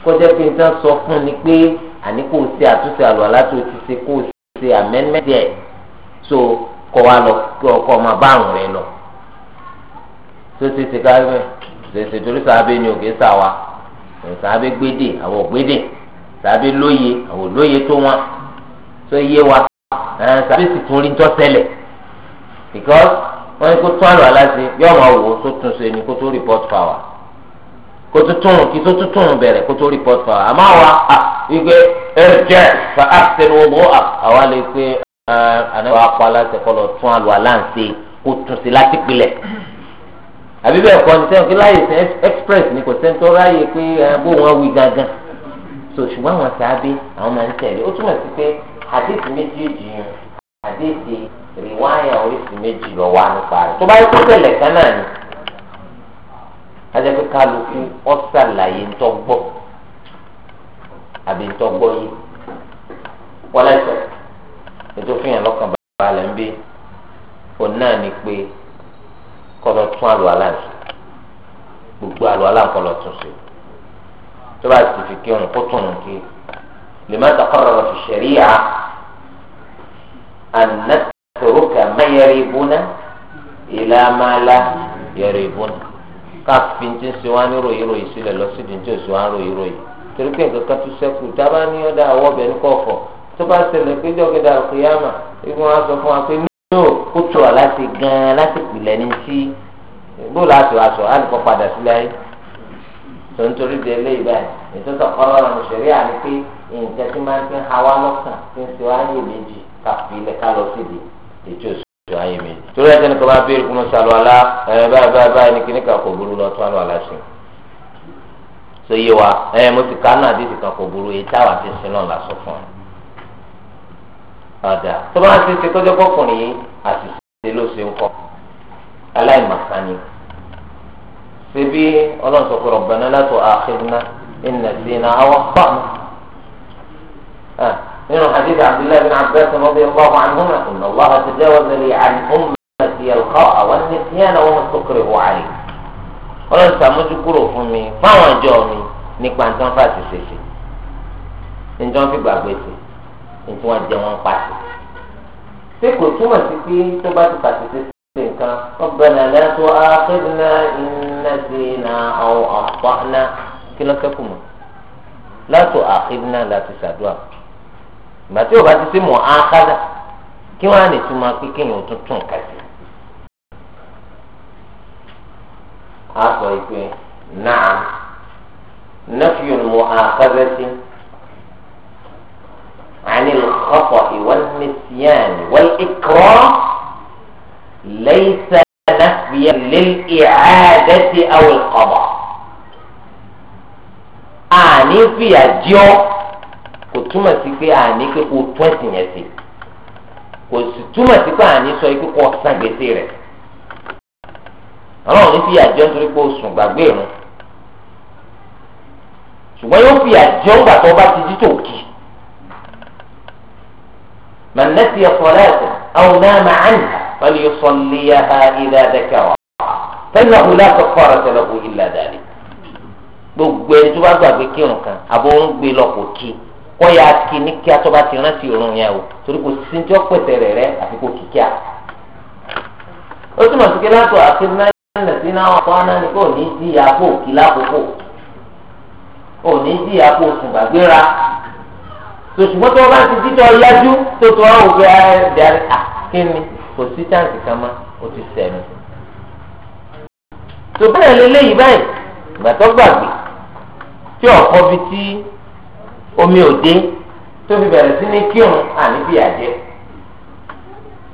kọjá pé tí wọ́n sọ fún ni pé àní kò ṣe àtúnṣe àlùwàlá tó ti ṣe kò ṣe amendment ẹ̀ so kọ́ wa lọ kí ọkọ máa bá àrùn rẹ lọ tó ṣe ṣe ká ṣe ṣe torí sàábí ni òkè sàbẹ gbédè àwọn gbédè sàbẹ lóye àwọn lóye tó wọn tó yé wa sàbẹ sì tún rí tọ́sẹ̀lẹ̀ because wọ́n ní kó tún àlọ́ aláṣẹ yóò máa wò ó tó tún ṣe ni kó tó report power kó tó tún kí tó tún tún bẹ̀rẹ̀ kó tó report power àmọ́ àwa wípé ẹ jẹ́ fa axel wo mọ́ àwa lè pe àná wa pa aláṣẹ kọ́ lọ tún àlọ́ aláṣẹ kó tún ṣe láti pilẹ̀ àbí bẹ́ẹ̀ kọ́ ní sẹ́yìn pé láyè sẹ́ express ni kò sẹ́ni tó ráyè pé bó wọn wí gangan so ṣùgbọ́n àwọn sábẹ́ àwọn máa ń tẹ̀lé ó túmọ̀ sí pé àdéhùn méjèèjì yẹn àdéhùn rìwáyà oríṣi méjì lọ wá nípa rẹ̀ tó bá yẹ kó tẹ̀lẹ̀ kan náà ni ajẹ́pẹ́ kálukú ó ṣàlàyé ń tọ́gbọ́ àbí ń tọ́gbọ́ yìí wọ́n lẹ́sẹ̀ ètò fihàn lọ́kàn bàbá rẹ̀ ń bí òun náà ni pé kọlọ tún àlọ aláǹsì gbogbo àlọ aláǹkọlọ tún sí tó bá ti fi kírun kó tún un kí lèmi àtàkọrọ fi ṣẹríya ànátòrókà mẹyẹrẹ ìbúná ìlàmàlà yẹrẹ ìbúná káfí ti ń ṣe wá ní ròyìn ròyìn sílẹ̀ lọ sí ìdíjọ́ ìṣe wá ń ròyìn ròyìn torí pé nǹkan kan tún ṣẹ́kù tá ní ọ̀dà àwọ̀ ọ̀bẹ ní kọ̀ọ̀fọ̀ tó bá ṣẹlẹ̀ péjọ́ gẹ́gẹ́ dàrú kìyàmà igun wa sọ fún wa pé yóò kó tó a láti gan láti pìlẹ̀ ní sí bó láti wá sọ àlùkò padà sílẹ̀ ayé tó ń torí di eléyìí báyìí ètò ìtọ́kọ́rọ́ ọ̀rọ̀ òṣèré àní pé nǹkan tí máa ń fi ha wá lọ́kàn tí ń ṣe wá ayé méjì ká fi ilẹ̀ ká lọ síbi ètò ìṣòro ayé méjì. torí ẹ̀jẹ̀ nìkan máa béèrè kó mo ṣàlù àlá ẹ̀ báyìí báyìí báyìí ní kíníkà kò burú lọ tó àlù àlá ṣe. sọ yé wa ẹ̀ mo ti kánú àdéhùn kan kò burú èyí táwa ti sin náà lásọ fún ọ padà tó bá ń ṣe ṣe kọjọ kọkùnrin yìí àṣìṣe ló ṣe ń kọ aláìmàkánì ṣebí ọlọ́run sọ pé rabbana la tu'akhidhna in nasina aw akhta'na nínú hadith abdullahi bin abbas radiyallahu anhuma inna allaha tajawaza li an ummati al-khata'a wan-nisyana wa ma sukrihu alayhi ọlọ́run ṣàmójúkúrò fún mi fáwọn ọjọ́ mi nípa nǹkan fàṣìṣe ṣe nǹkan fi gbàgbé ṣe. ètò wọn jẹ wọn pàṣẹ. ṣé kò túmọ̀ sí pé tó bá ti pàṣẹ sí ṣe nǹkan ọgbẹ́ni aláṣọ akéwìnà ìnàdínà àwọn àpáná kí ló kẹ́kọ̀ọ́ mọ́ láṣọ akéwìnà láti ṣàdúrà ìgbà tí o bá ti ṣe mọ̀ ákádà kí wọ́n á lè túmọ̀ pé tún tún a sọ ìpè عن الخطأ والنسيان والإكراه ليس نفيا للإعادة أو القضاء àní fìyà jọ kò túmọ̀ sí pé àní pé kò tún ẹ̀sìn yẹn sí kò sì túmọ̀ sí pé àní sọ pé kò san gbèsè rẹ̀ ọlọ́run ní fìyà nítorí pé o sùn gbàgbé ìrun yóò fìyà jọ ńgbà tó bá ti jí tòkì. من نسي صلاة أو نام عنها فليصليها إذا ذكرها فإنه لا كفارة له إلا ذلك gbogbo ẹni tó bá gbé kí kó ya kí ní kí atọ́ bá ti rántí òrùn yẹn o torí kò sí tí wọ́n pèsè rẹ̀ rẹ́ àfi kò kí kíá. ó túmọ̀ sí pé látọ̀ àti náírà sí náà náà kò ní í àpò òkí lákòókò sòṣùgbọ́n tó o bá ti títọ́ yájú tó tó àwọn òfin ara ah, rẹ̀ darí à ah, kíni kò sí táǹkì kan mọ́ o ti sẹ̀mí. tó bẹ́ẹ̀ lélẹ́yìí báyìí ìgbà tó gbàgbé tí ọ̀pọ̀ fi tí omi ò dé tó fi bẹ̀rẹ̀ sí ní kírun àní bí àjẹ́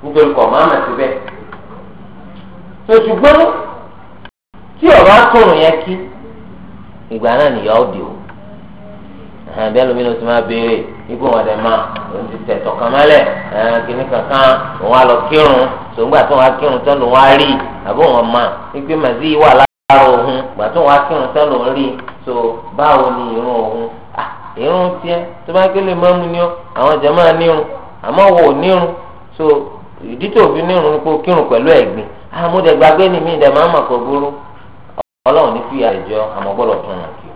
nítorí kọ̀ máa mà síbẹ̀. sòṣùgbọ́n tí ọ̀rọ̀ àtúrùn yẹn kí ìgbà náà nìyá ó di o. na ẹlòmínú ti ma béèrè ikú wọn dẹ̀ máa ló ti tẹ̀tọ̀ kan mọ́lẹ̀ kìnnì kankan òun lọ kírun sòǹgbà tó wọn kirun kírun tán lòun rí àbí òun mọ̀ wípé màzí wà lára ohun gbà tó wọn kirun kírun so báwo ni irun irun tiẹ̀ tó bá ni àwọn nírun wò so ìdí tó fi nírun kó pẹ̀lú ẹ̀gbin ni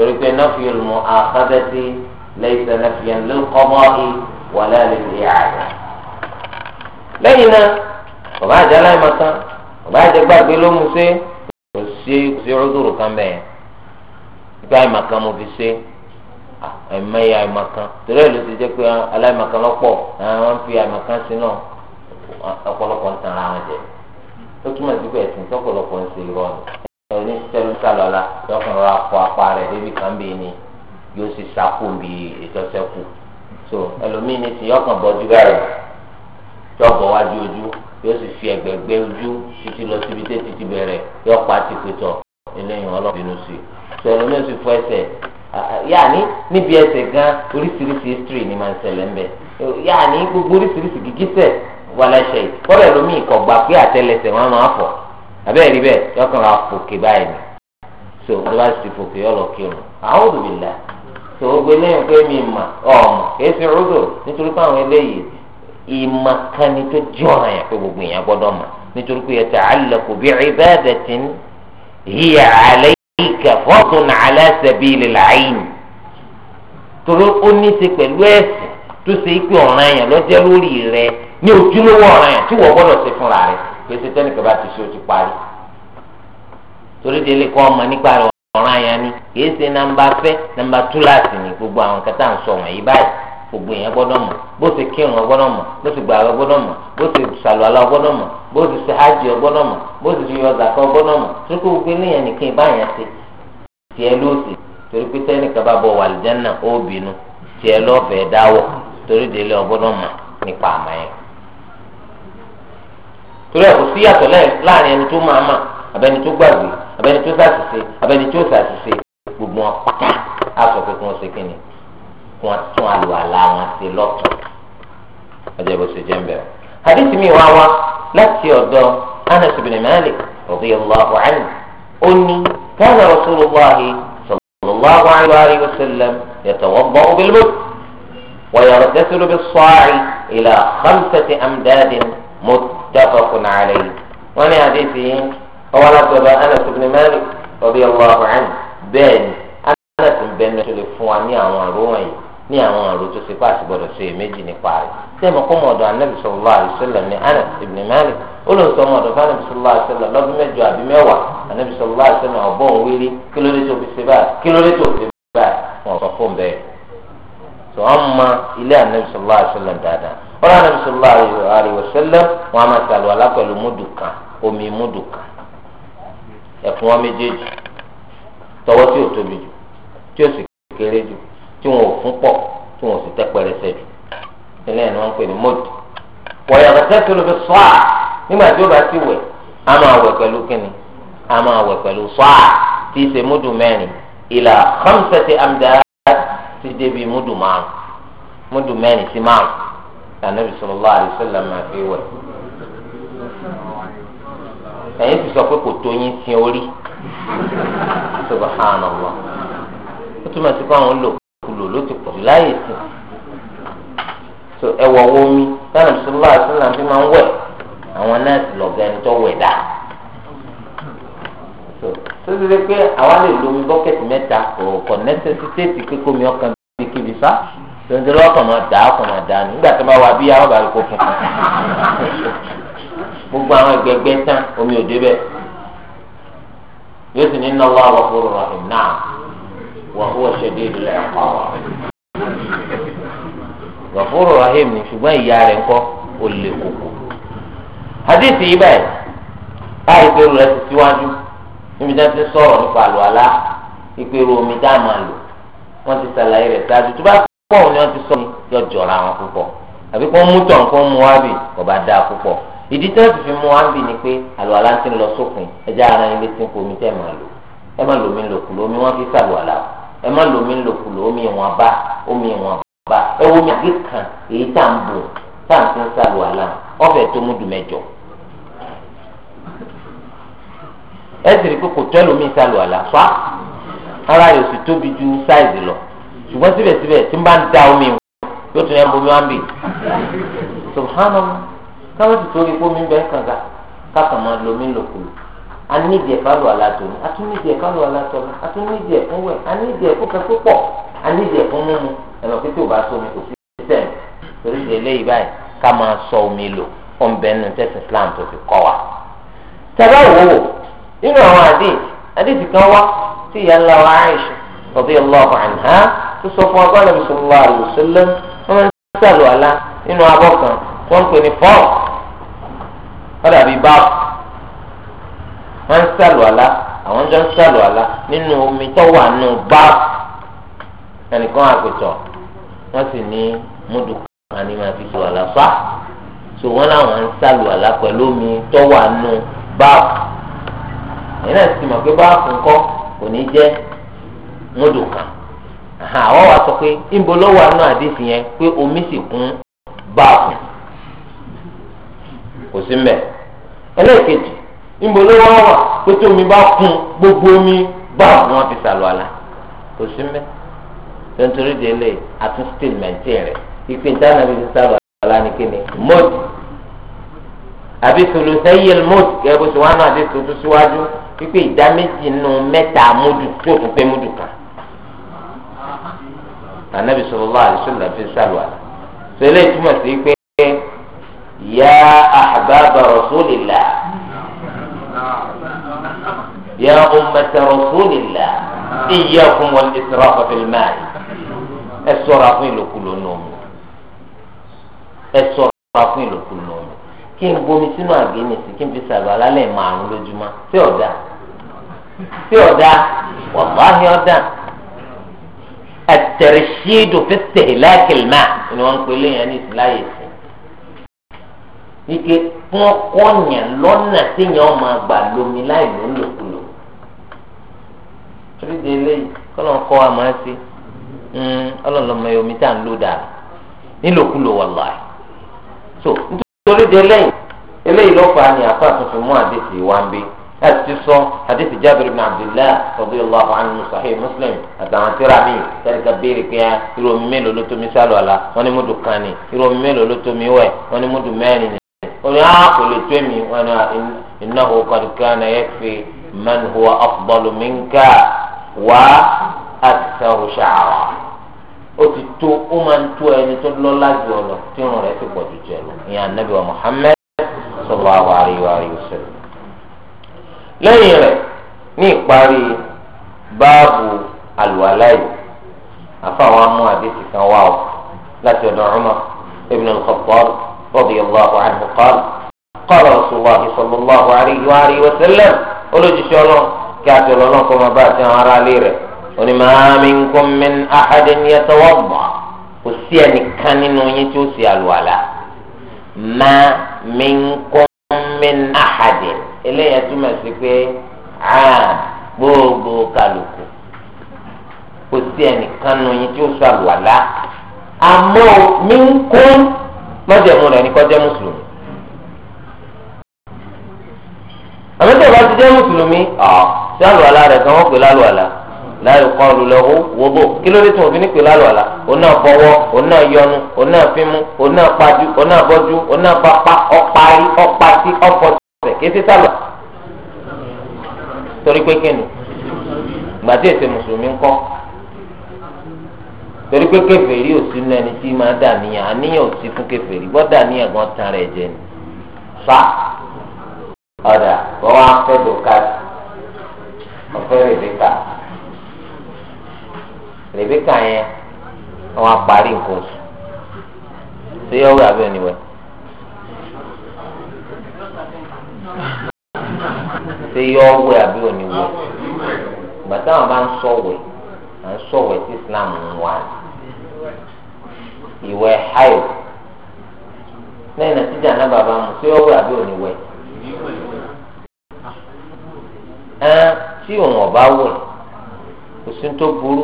torí pé nafiyul mu'akhadhati laysa nafiyan lil qada'i wala lil i'ada. lẹ́yìn náà bàbá àjẹ́ aláìmọ̀ tán bàbá àjẹ́ gbàgbé ló mú sí kò sí kò sí rúdùrù kan bẹ́ẹ̀ ìgbà àìmọ̀kan mo fi ṣe ẹ̀mẹ́yà àìmọ̀kan torí ẹ̀ ló ti jẹ́ pé aláìmọ̀kan lọ́pọ̀ wọ́n fi àìmọ̀kan sí náà ọ̀pọ̀lọpọ̀ ń tan ara jẹ tó túmọ̀ sí pé ẹ̀sìn tọ́pọ̀lọpọ̀ ń ṣe irọ́ ẹni tẹ́lifíṣà lọ́la lọ́kùnrin ra kọ apá rẹ̀ débi kan bíi ni yóò sì sáko bí ètò sẹ́kù so ẹlòmíì ní ti yọkàn bọ́jú báyìí yọkàn wájú ojú yóò sì fi ẹgbẹ̀gbẹ́ ojú títí lọ síbi tẹ́ títí bẹ̀rẹ̀ yọ pa ti pẹ̀tọ̀ eléyìí ọlọ́bìnú sí so ẹlòmíì sì fọ ẹsẹ̀ yáàní níbi ẹsẹ̀ gan oríṣiríṣi history ni máa ń ṣẹlẹ̀ ń bẹ̀ yáàní gbogbo oríṣiríṣi gìgísẹ̀ wàlẹ́sẹ̀ kọ́rọ̀ ẹlòmíì kọ̀ gbà pé àtẹlẹsẹ̀ wọn máa fọ̀ abẹ́ẹ̀ rí bẹ́ẹ̀ yọkàn ra fòkè báyìí ni so tó bá ti fòkè yọ lọ kírun àwọn òbí la so gbé lẹ́yìn pé mi mà ọ̀mọ̀ kìí ṣe rúdò nítorí pé àwọn eléyìí ìmọ̀ kan ni tó jẹ́ ọ̀ràn yẹn pé gbogbo èèyàn gbọ́dọ̀ mọ̀ nítorí pé yata'allaqu bi'ibadatin hiya 'alayka fardun 'ala sabilil 'ayn torí ó ní ṣe pẹ̀lú ẹ̀sìn tó ṣe é pé ọ̀ràn yẹn lọ́jẹ́ lórí rẹ ní ojúlówó ọ̀ràn yẹn tí wọ́n gbọ́dọ̀ ṣe fúnra rẹ̀ pèsè tẹnìkan bá ti so ti pari torí délé kọ́ ọmọ nípa rẹ̀ ọ̀ràn yẹn ni kìí ṣe nàmbà fẹ́ nàmbà túláàsì ni gbogbo àwọn kẹta ń sọ wọ̀nyí báyìí gbogbo yẹn gbọ́dọ̀ mọ̀ bó ti kírun ọgbọ́dọ̀ mọ̀ bó ti gbàgbọ́ gbọ́dọ̀ mọ̀ bó ti sàlùwàlà ọgbọ́dọ̀ mọ̀ mọ̀ bó ti ọgbọ́dọ̀ mọ̀ torí gbogbo eléyàn nìkan mọ̀ nípa àmọ́ torí ẹ̀ kò sí yàtọ̀ láàrin ẹni tó máa mà abẹni tó gbàgbé abẹni tó sàṣìṣe abẹni tó sàṣìṣe gbogbo wọn pátá á sọ pé kí wọ́n ṣe kí ni kí wọ́n tún àlò àlá wọn ṣe lọ́tọ̀ ọjọ́ ìbò ṣe jẹ́ ń bẹ̀rẹ̀. hadith mi wá wá láti ọ̀dọ̀ anas ibn malik radiyallahu anhu ó ní kana rasulullahi sallallahu alayhi wa sallam yatawadda'u bil-mudd wa yartasilu bis-sa'i ila khamsati amdadin متفق عليه وأنا حديثه قال أبا أنس بن مالك رضي الله عنه بين أنس بن تلفوني عن رومي ní àwọn ọ̀rọ̀ tó ṣe pàṣẹ gbọdọ̀ ṣe èméjì nípa rẹ̀ ṣé mo kọ́ mọ̀ọ́dọ̀ anabi sallallahu alaihi wasallam ní Anas ibn Malik ó lọ sọ mọ̀ọ́dọ̀ fún anabi sallallahu alaihi wasallam lọ́dún mẹ́jọ àbí mẹ́wàá anabi sallallahu alaihi wasallam ọ̀bọ̀ òun wíri kí ló dé tó fi ṣe báyìí kí ló dé tó fi báyìí wọn sọ fún bẹ́ẹ̀ tó wọn mọ ilé anabi sallallahu alaihi wasallam dáadáa wọn náà nàbí sọlá àríwá sẹlẹ wọn a máa sàlù alá pẹ̀lú múdù kan omi múdù kan ẹfun wọn méjèèjì tọwọ́ tí ò tóbi jù tí ò sì kéré jù tí wọn ò fún pọ̀ tí wọn ò sì tẹ pẹrẹsẹ jù ilé ẹni wọn ń pè ní mọdù wọ́n yàtọ̀ tẹ́tù sọ́à nígbà tí ó bá ti wẹ̀ a máa wẹ̀ pẹ̀lú kíni a máa wẹ̀ pẹ̀lú sọ́à tí í ṣe múdù mẹ́rin ìlà khamsati lànàbì sallallahu alaihi wasallam máa fi wẹ̀ ẹ̀yin ti sọ pé kò tó yín tí orí subhanallah ó túmọ̀ sí pé àwọn lò kúlò ló ti pọ̀ láyè sí so ẹ̀wọ̀ omi lànàbì sallallahu alaihi wasallam fi máa ń wẹ̀ àwọn nọ́ọ̀sì lọ̀gá ẹni tó wẹ̀ dá tó ti di pé àwa lè lo omi bọ́kẹ́tì mẹ́ta kò kọ̀ nẹ́sẹ̀sítéètì kíkómi ọkàn bíi kíbi sá. tontoni wọn kàn máa dà á kàn máa nígbà tó bá wà bí gbogbo àwọn ẹgbẹgbẹ tán omi ò débẹ̀ yóò sì ní iná wà wà fúru rahim náà wà fúru ṣẹdí ìdílé ẹkọ wà fúru rahim ní ṣùgbọ́n ìyá rẹ̀ ńkọ́ ó lè kókó hadith yìí báyìí báyìí pé rẹ ti síwájú níbi tí ti sọ̀rọ̀ nípa omi dá máa lò wọn ti ṣàlàyé rẹ̀ ṣáájú tó bá pọ̀ ni wọ́n ti sọ yọ jọra wọn púpọ̀ àbí kó mú tọ̀ kó mú wá bì kò bá dáa púpọ̀ ìdí tẹ́ ti fi mú wá bì ni pé àlùwàlá ti ń lọ sópin ẹja ara yín létí kó omi tẹ́ máa lò ẹ má lomi lòkulò omi wọn fi sàlùwàlà ẹ má lomi lòkulò omi ìwọ̀n bá omi ìwọ̀n bá ẹ wo omi àgbé kan èyí tá à ń bò tá à ń fi sàlùwàlà ọ̀fẹ́ tó mú dùmẹ̀jọ ẹ sì rí pé kò tẹ́ lomi sàlùwàlà fa ara yóò sì tóbi ju sáìzì lọ ṣùgbọ́n síbẹ̀síbẹ̀ tí n bá ń da omi o yóò tún yẹn bomi wá ń bì subhanallah káwọn ti torí pé omi bẹ́ẹ̀ kànga kákan máa lo omi lòkulò a ní ìdí ẹ̀fọ́ àlọ́ alátọ́ni a tún ní ìdí ẹ̀fọ́ àlọ́ alátọ́ni a tún ní ìdí ẹ̀fọ́ wẹ̀ a ní ìdí ẹ̀fọ́ kẹfọ́ pọ̀ a ní ìdí ẹ̀fọ́ mímu ẹ̀rọ pé tí o bá so omi kò sí sẹ́ẹ̀m torí ìdí eléyìí báyìí ká máa sọ omi lò ọ̀nbẹ nù tẹ́sí Islam tó fi kọ́ wa. tẹ́lá òwò nínú àwọn àdéhìí àdéhìí kan wá sí ìyá ńlá wa Aisha radiyallahu anha tó sọ fún ọgbà nàbì sallallahu alaihi wasallam wọn máa ń sàlù àlá nínú abọ́ kan wọ́n ń pè ní fọ́ọ̀ wọ́n dàbí báàbù wọ́n ń sàlù àlá àwọn jọ ń sàlù àlá nínú omi tó wà nù báàbù ẹnìkan àgbẹ̀tọ̀ wọ́n sì ní múdù kan ní máa fi sọ àlá fa so wọ́n làwọn ń sàlù àlá pẹ̀lú omi tó wà nù báàbù ẹ̀yìn náà sì mọ̀ pé báàbù kò ní jẹ́ mọ́dù kan àwọn wa sọ pé níbo lọ́wọ́ àánú àdéhùn yẹn pé omi sì kún báàfù kò sí mbẹ ẹlẹ́ẹ̀kejì níbo lọ́wọ́ wà pé tí omi bá kún gbogbo omi báàfù wọn fi sàlù àlà kò sí mbẹ tontori délé atún stéèmẹ̀ntì rẹ̀ ìpè dáná fi sàlù àlà ní kíni mọ́dù àbí solosẹ́yìn mọ́dù kẹ́ bó ṣe wá náà àdéhùn tó síwájú pípé ìdá méjì nù mẹ́ta mọ́dù tó tún pé mọ́dù kan anabi sallallahu alaihi wasallam fi sálùwà tó ilé ìtumọ̀ sí pé yá ahbaba rasulillah yá ummata rasulillah iyyakum wal israfa fil ma'i ẹ ṣọ́ra fún ìlòkulò nùmù ẹ ṣọ́ra fún ìlòkulò nùmù kí n bomi sínú àgé nìsí kí n fi sàlùwà lálẹ́ márùn lójúmọ́ tí ọ̀dà tí ọ̀dà wàláhì ọ̀dà àtẹ̀rẹ̀ṣídò fi tẹ̀láàkìlì náà ni wọ́n ń pè léyìn ní ìsìláyè sí. ike fún ọkọ yẹn lọ́nà téèyàn ọmọ àgbà lomi láì ló ń lòkulò. torí de eléyìí kọ́lọ́ ń kọ́ wa máa ṣe ọlọ́lọ́mọ yomi tá à ń lò dà nílòkulò wàlá ẹ̀. so nítorí de eléyìí eléyìí ló fà á ní tuntun mú àdéhùn ìwà ń bẹ́ẹ̀ láti sọ àdéhùn jábìrì ibn abdullahi radiyallahu anhu sahih muslim àtàwọn tíra mi tẹ́lifà béèrè pé ah, irú omi mélòó ló tó mi sálọ àlá wọn ni múdù kan ni irú omi mélòó ló tó mi wẹ̀ wọn ni múdù mẹ́rin ni wọn ni á ah, kò lè tó mi wọn ni ah, innahu qad kana yakfi man huwa afdalu minka wa aktharu sha'ra ó ti tó ó máa ń tó ẹni tó lọ́lá jù ọ lọ tí irun rẹ̀ ti pọ̀ jù jẹ lọ ìyẹn anabi wa muhammed sallallahu alayhi wa sallam lẹ́yìn rẹ̀ ní ìparí báàbù àlùwàláyì àfàwọn amú àdéhùn kan wà ó láti ọ̀dọ̀ Umar ibn al-Khattab radiyallahu anhu qala qala rasulullah sallallahu alayhi wa alihi wa sallam olójúṣe ọlọ́run kí àti ọlọ́run kọ́ máa bá àti àwọn ará ilé rẹ̀ oní ma minkum min ahadin yatawadda kò sí ẹnìkan nínú yín tí ó eléyẹn túmọ̀ sí pé gbogbo kálukú kò sí ẹnìkan nu yín tí ó sọ àlùwàlá àmọ́ mi ń kún lọ́jọ̀mú rẹ̀ ní kọjá mùsùlùmí. àmọ́ tí ìbá ti jẹ́ mùsùlùmí ṣé àlùwàlá rẹ̀ kan wọ́n pè lálùwàlá láyò kan lulẹ̀wò wòbò kí ló dé tí mo fi ní pè lálùwàlá òun náà fọwọ́ òun náà yọnu òun náà fímú òun náà pajú òun náà bọ́jú òun náà pápá ọ̀parí rẹ̀ kété sálọ torí pé kíni gbàtí èsè mùsùlùmí ń kọ́ torí pé kèfèrí ò sí nínú ẹni tí máa dà níyàn àníyàn ò sí fún kèfèrí gbọ́dọ̀ níyàn gan tan rẹ̀ jẹ ni fa ọ̀dà wọ́n wá fẹ́ dòka ọ̀fẹ́ rèbíkà rèbíkà yẹn wọ́n á parí nǹkan oṣù ṣé yọ abẹ́ òníwẹ̀ẹ́. ṣé yọ ọwẹ àbí òní wẹ ìgbà táwọn bá ń sọwẹ à ń sọwẹ tí Islam ń wá ìwẹ̀ hayo lẹ́yìn náà tíjà náà bàbá mu ṣé ọwẹ àbí òní ẹ tí òun ọba tó burú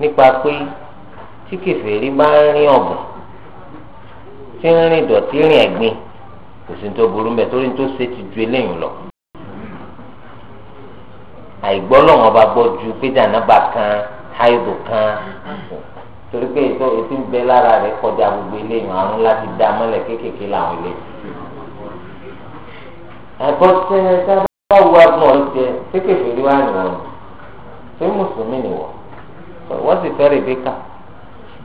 nípa pé tí bá rin tí ń rìn dọ̀tí rìn kò sí tó burú mbẹ torí tó ṣe ti ju eléyìí lọ àìgbọ́ lọ́wọ́n bá gbọ́ ju péjà náà bá kan háìdù kan torí pé ètò ètò ń bẹ lára rẹ kọjá gbogbo eléyìí àrùn láti dá mọ́lẹ̀ kéékèèké làwọn eléyìí. ẹ̀gbọ́n sẹ́yìn sábà wà bọ̀ jẹ kéékèèké rí wà nìwọ̀n ṣé mùsùlùmí nìwọ̀ wọ́n sì fẹ́ rèbékà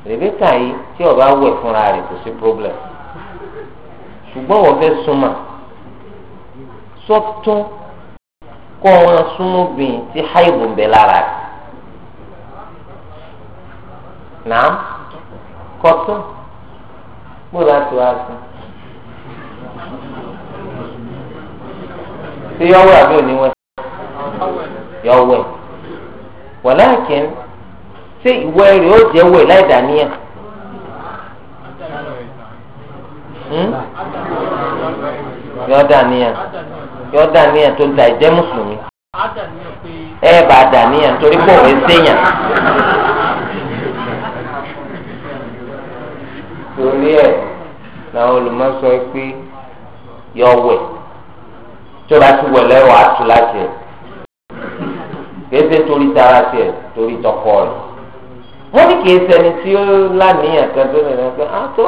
rèbékà yìí tí ọba wẹ̀ fúnra rẹ̀ kò sí problem. ṣùgbọ́n wọ́n fẹ́ súnmọ́ sọ́tún kọ́ wọn súnmọ́bìn tí háìbù ń lára rẹ̀ náà kọ́tún bó láti wá sí. ṣé yọ̀wẹ̀ àbí òníwẹ̀ yọ̀wẹ̀ wọ̀láàkín ṣé ìwẹ̀ rẹ̀ ó jẹ́ wẹ̀ yọ dàníyàn yọ dàníyàn tó ń ta ìjẹ́ mùsùlùmí ẹ bá dàníyàn torí pọ̀ wẹ́ sẹ́yàn. torí ẹ̀ làwọn olùmọ̀sọ pé yọ wẹ̀ tó bá ti wẹ̀ lẹ́wọ̀ àtú láti ẹ̀ kéde torí tara tiẹ̀ torí tọkọ rẹ̀ wọ́n ní kìí ṣẹni tí ó lánìyàn kan tó nìyẹn pé á ah, tó.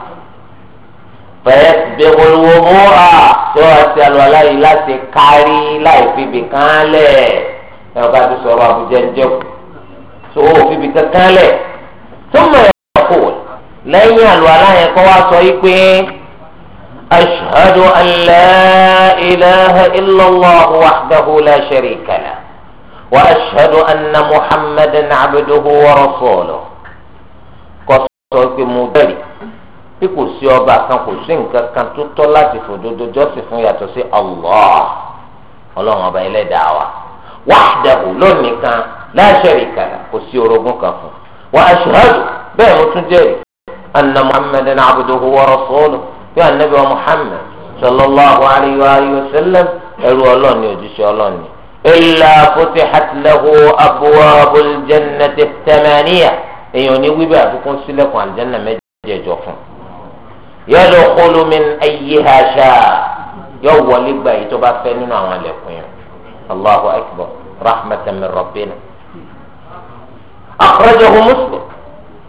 fẹ́ẹ́sì olówó múra tó ọtí alùpàlà yìí láti kárí láì fìbì kan lẹ̀ ẹ̀ ọ̀gá ti sọ̀rọ̀ àbújá ńjẹ́ kù tó o fìbì kankan lẹ̀ tó mọ̀ ẹ̀ kù lẹ́yìn alùpàlà yẹn kọ́ wá sọ yìí pé ashhadu an la ilaha illallah wahdahu la sharika lah wa ashhadu anna muhammadan abduhu wa rasuluhu kọ́ sọ pé mo bẹ̀rẹ̀ tí kò sí ọba kan kò sí nǹkan kan tó tọ́ láti fòdodo jọ́sìn fún yàtọ̀ sí Allah ọlọ́run ọba ẹlẹ́dàá wa wahdahu lónìí kan la sharika lahu kò sí orogún kan fún wa ashhadu bẹ́ẹ̀ mo tún jẹ́rìí anna muhammadan abduhu wa rasuluhu bí anabi wa muhammad sallallahu alayhi wa alihi wa sallam ẹrú ọlọ́ọ̀ni òjíṣẹ́ ọlọ́ọ̀ni. illa futihat lahu abwabul jannati thamaniya èèyàn ní wíbẹ̀ àfikún sílẹ̀kùn àlùjànnà mẹ́jẹ̀ẹ̀jọ fún un yadkhulu min ayyiha sha yọ wọlé gba yìí tó bá fẹ́ nínú àwọn ẹlẹ́kùn yẹn allahu akbar rahmatan min rabbina akhrajahu muslim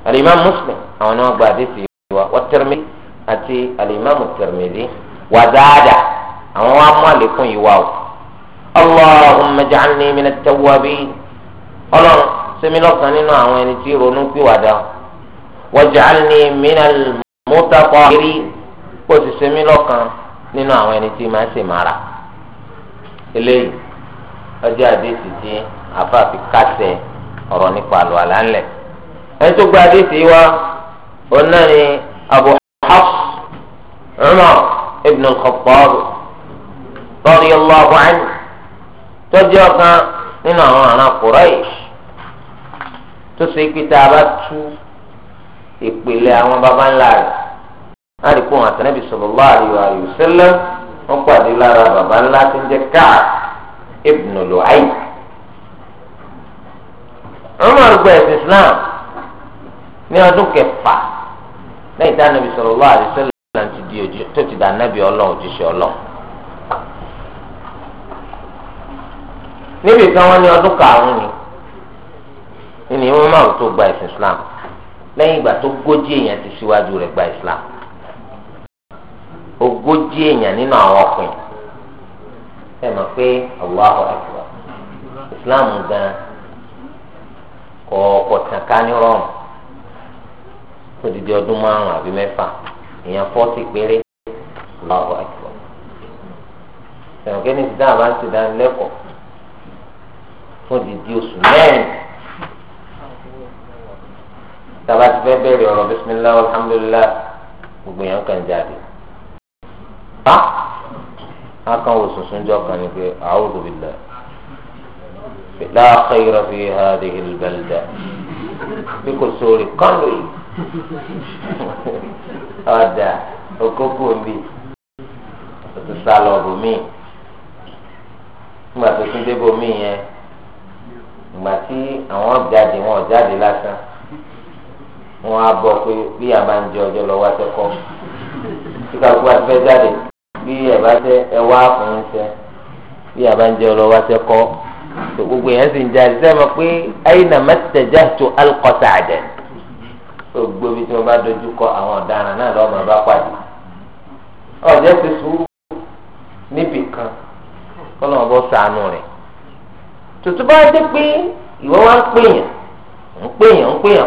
alimam muslim àwọn ni wọn gba àdé sí wa wa Tirmidhi àti alimami Tirmidhi wa zaada àwọn wa mú àlékún yìí wá o allahumma ja'alni min at-tawwabin Ọlọ́run ṣe nínú àwọn ẹni tí ronú pìwàdà waj'alni min al. mútakọ rí kó sì ṣe mí nínú àwọn ẹni tí mara eléyìí ọjọ́ àdéhìí tí àfààfi kásẹ̀ ọ̀rọ̀ nípa àlọ́ àlá ńlẹ̀ ẹni tó gba àdéhìí wa òun náà ni Abu Hafs Umar ibn al-Khattab radiyallahu anhu tọ́jú ọkan nínú àwọn àrà Quraysh tó ṣe pé tá a bá tú ìpìlẹ̀ àwọn baba àdìpọ̀ àtẹnẹ́bí sallallahu alaihi wasallam wọ́n pàdé lára bàbá ńlá tí ń jẹ́ Ka'b ibn gba ẹ̀sìn Islam ní ọdún kẹfà lẹ́yìn tí ànábì sallallahu alaihi wasallam tó ti dà ànábì ọlọ́run òjíṣẹ́ ọlọ́run. níbi kan ní ọdún ni gba ẹ̀sìn Islam lẹ́yìn ìgbà tó gójì èèyàn ti síwájú gba ogójì èèyàn nínú àwọn ọkùnrin ẹ mọ̀ pé Allahu Akbar Islam gan kọ̀ọ̀kọ̀ tàn ká ní rọ́ọ̀mù tó didi ọdún márùn-ún àbí mẹ́fà èèyàn fọ́ọ̀tì péré Allahu Akbar ti dáhà bá ń ti dá lẹ́kọ̀ọ́ fún oṣù mẹ́rin tàbá ti fẹ́ bẹ̀rẹ̀ alhamdulilayi gbogbo yẹn kàn jáde. fa akan wò sùnsùn jọ kan ní pé a'udhu billah la khayra fi hadhihi al-balda bí kò sóore kán lóye ọ̀dà òkókó mi òtún sálọ bòmíì nígbà tó tún dé bòmíì yẹn ìgbà tí àwọn jáde wọn jáde lásán wọn á bọ pé bí a máa ń jẹ ọjọ́ lọ wá sẹkọ tí kálukú bá ti fẹ́ jáde bí ọba ẹ̀wá fún un ṣe bí àbájẹ́ ọlọ́wáṣẹ́ kọ́ tó gbogbo yẹn sì ń jáde sẹ́yìn mọ̀ pé ayna mastajahtu alqa sa'dan tó kọ àwọn ọ̀daràn náà lọ́mọ bá pàdé ọ̀jẹ́ ti sùúrù níbì kan kọ́lọ́mọ bọ́ sànù rẹ̀ bá dé pé wá ń pèèyàn ń pèèyàn ń pèèyàn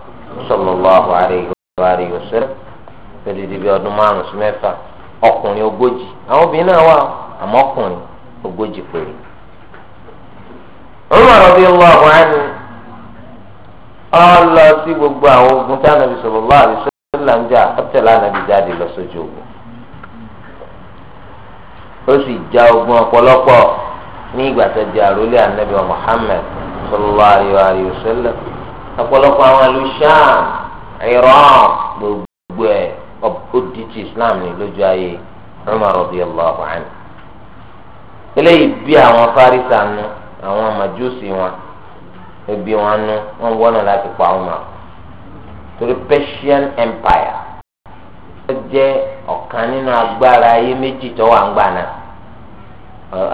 sọlọlọ alaihi wa alihi wasallam pẹ̀lú ìdìbò ọdún márùn sí mẹ́fà ọkùnrin ogójì àwọn obìnrin náà wà àmọ́ ọkùnrin ogójì péré. Umar radiyallahu anhu ọ lọ sí gbogbo àwọn ogun tí Ànábì sallallahu alaihi wasallam ń jà ọ̀tẹ̀lá jáde lọ sójú ogun ó sì ogun ọ̀pọ̀lọpọ̀ àwọn ìlú sham iran gbogbo ẹ̀ ọ̀pọ̀dì islam ní lójú ayé Umar radiyallahu anhu. eléyìí bí àwọn fárísà nu àwọn màjúsì wọn ebi wọn nu wọn wọnà láti pa Umar torí Persian Empire ó jẹ́ ọ̀kan nínú agbára ayé méjì tó wà ń gbà náà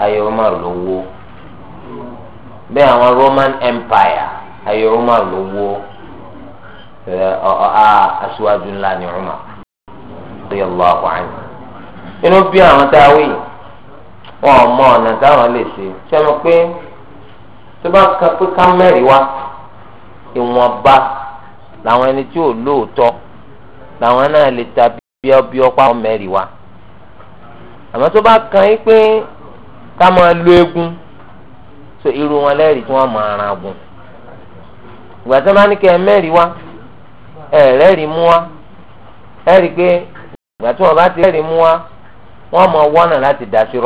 ayé Umar ló wó bẹ́ẹ̀ àwọn Roman Empire. ayé Umar ló wó aṣíwájú ńlá ni Umar radiyallahu anhu inú bí àwọn táwí wọn mọ ọ̀nà táwọn lè ṣe sẹ́mi pé tó bá ka pé ká mẹ́rin wá ìwọ̀nba làwọn ẹni tí ò lóòótọ́ làwọn náà lè ta bí pa wọn mẹ́rin wá àmọ́ tó bá kan yín pé ká so irú wọn lẹ́rìí tí ìgbà tó máa ní kẹ́ eri wá ẹ mú wá i pé ìgbà tí bá ti rẹ́rìn mú wá wọ́n mọ wọ́nà láti dá sí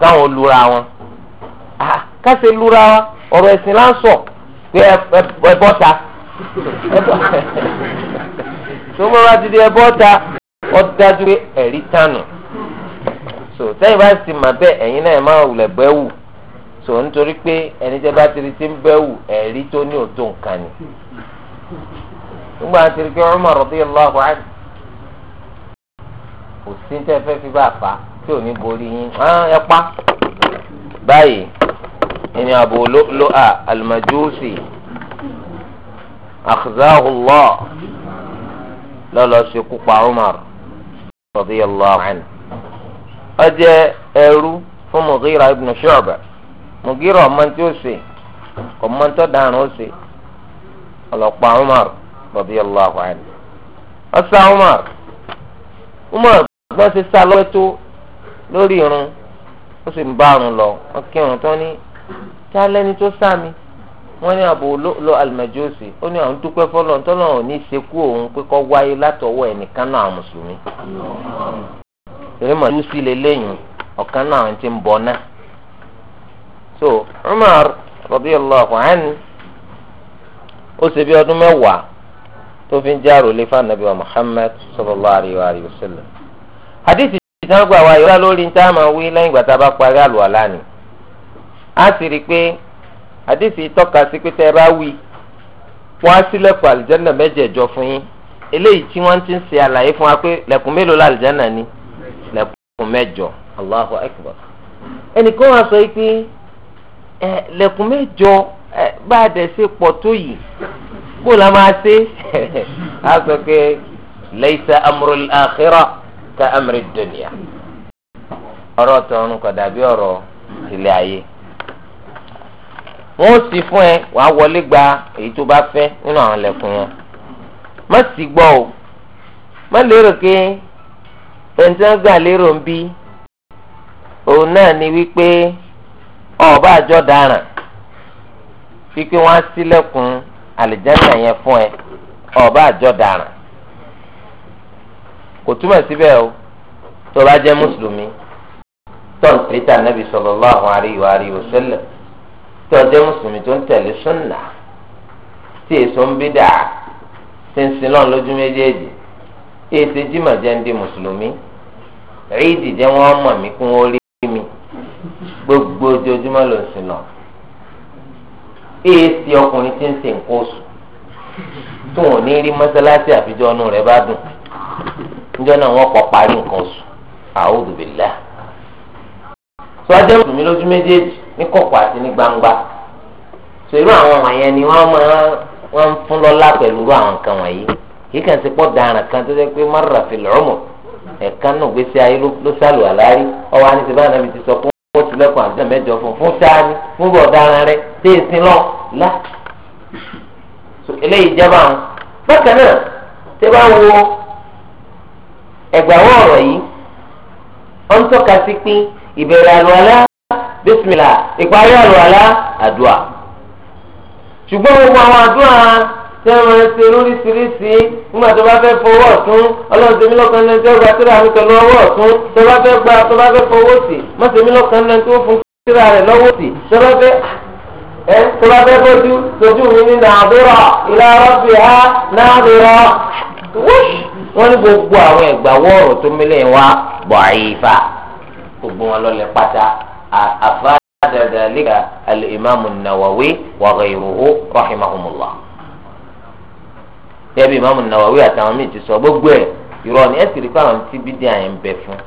káwọn lura wọn lura wa ọ̀rọ̀ ẹ̀sìn pé tó bá ti di so tẹ́yìn bá ti mà ma ẹ̀yin náà máa bẹ́ẹ̀ wù. so nítorí pé ẹni tẹ́ bá tiri ti ń bẹ́wù ẹ̀rí tó ní òtó nǹkan ni nígbà tiri pé Umar radiyallahu anhu kò sí tẹ́ fẹ́ fi bá fa tí ò ní borí yín ẹ pa báyìí ẹni Abu Lu'lu'a al-Majusi akhzahu Allah lọ́lọ́ ṣekú pa Umar radiyallahu anhu ó jẹ́ ẹrú fún Mughira ibn Shu'ba. mugiro ọmọ tí ó ṣe kò ọlọpàá umar radiyallahu anhu ọsà umar umar gbọ́n ti sá lọ́wọ́ tó lórí irun ó sì ń bá irun lọ tó ní alẹ́ ni tó sá mi wọ́n ní ó ní àwọn dúpẹ́ fọlọ́ òun pé kọ́ wáyé látọwọ́ ẹnìkan náà mùsùlùmí. lélẹ́yìn so Umar radiyallahu anhu ó ṣe bí ọdún mẹ́wàá tó fi ń járò lé fún anabi wa Muhammad sallallahu alayhi wa sallam hadithi ìtàn gba wa yọ̀ọ́ lórí níta máa wí lẹ́yìn ìgbà tá a bá parí àlùwàlá ni a sì rí i pé hadithi tọ́ka sí pé tẹ́ ẹ bá wí wọ́n á sílẹ̀kùn àlìjẹ́nà mẹ́jẹ̀ẹ̀jọ fún yín eléyìí tí wọ́n ti ń ṣe àlàyé fún wa pé lẹ̀kùn mélòó làlìjẹ́nà ni lẹ̀kùn mẹ́jọ Allahu akbar ẹnìkan wá sọ pé ẹ lẹ̀kùn mẹ́jọ ẹ bá a dẹ̀ ṣe pọ̀ tó yìí kó la máa ṣe á sọ pé laysa amrul akhirah ka amri dunya ọ̀rọ̀ tọ̀run kò dàbí ọ̀rọ̀ ilé ayé wọn ó sì fún ẹ wàá wọlé gba èyí tó bá fẹ́ nínú àwọn lẹ̀kùn yẹn má sì gbọ́ o má lérò pé ẹnìtàn lérò ń bí òun náà ni wípé ọba àjọ dáràn pípé wọn á ṣílẹ̀kùn àlìjánnà yẹn fún ẹ ọba àjọ dáràn kò túmọ̀ síbẹ̀ o tó bá jẹ́ mùsùlùmí tó ń tẹ̀lé tà nàbì sallallahu alaihi wa alihi wasallam tó jẹ́ mùsùlùmí tó ń tẹ̀lé sunna tí èso ń bí dà tí ń sin lọ́n lójú méjèèjì èsì jimá jẹ́ ń di mùsùlùmí ríìdì jẹ́ wọ́n mọ̀ mí kún ó gbogbo ojoojúmọ́ ló ń sin lọ èyí ti ọkùnrin tí ń sin nǹkan oṣù tó wọn ní rí mọ́sálásí àfijọ́ ọ̀nù rẹ̀ bá dùn níjọ́ náà wọ́n kọ́ parí nǹkan oṣù a'udhu sọ ajẹ́ mùsùlùmí lójú méjèèjì ní àti ní gbangba sọ irú àwọn wọ̀nyẹn ni wọ́n máa wọ́n ń fún pẹ̀lú àwọn nǹkan wọ̀nyí kì í kàn pọ̀ kan tó jẹ́ pé náà gbèsè ayé ló sálù àlárí wọ́n ti lẹ́kọ̀ọ́ àjọ mẹ́jọ fún fún tání fún bọ̀dáran rẹ tí ì sin lọ la eléyìí jẹba àwọn bákan náà tẹ bá wo ẹgbàwọ ọ̀rọ̀ yìí ó ń tọ́ka sí pé ìbẹ̀rẹ̀ àlùwàlá bísímìlà ìparí àlùwàlá àdúà ṣùgbọ́n gbogbo àwọn àdúà tí wọn máa ń ṣe lóríṣiríṣi nígbà tó bá fẹ́ fọwọ́ ọ̀tún ọlọ́run tèmi lọ́kàn náà tí ó gba tíra mi pẹ̀lú ọwọ́ ọ̀tún tó bá fẹ́ gba tó bá fẹ́ fọwọ́ sí má tèmi lọ́kàn náà tí ó fún tíra rẹ̀ lọ́wọ́ sí tó bá fẹ́ ẹ tó bá fẹ́ bójú tójú mi ní nàdúrà ìlà rọ́bì ha nàdúrà wọ́n ní gbogbo àwọn ẹ̀gbà wọ́ọ̀rọ̀ tó mílẹ̀ wá bọ̀ àyífa gbogbo wọn lọ́lẹ̀ pátá àfáàdàdà lẹ́gà al-Imam an-Nawawi wa rahimahumullah kẹ́bí Imaamu Nawawi àtàwọn míì ti sọ gbogbo ẹ̀ irọ́ ni ẹ̀ sì rí fáwọn tí bídí àyẹ̀ ń bẹ fún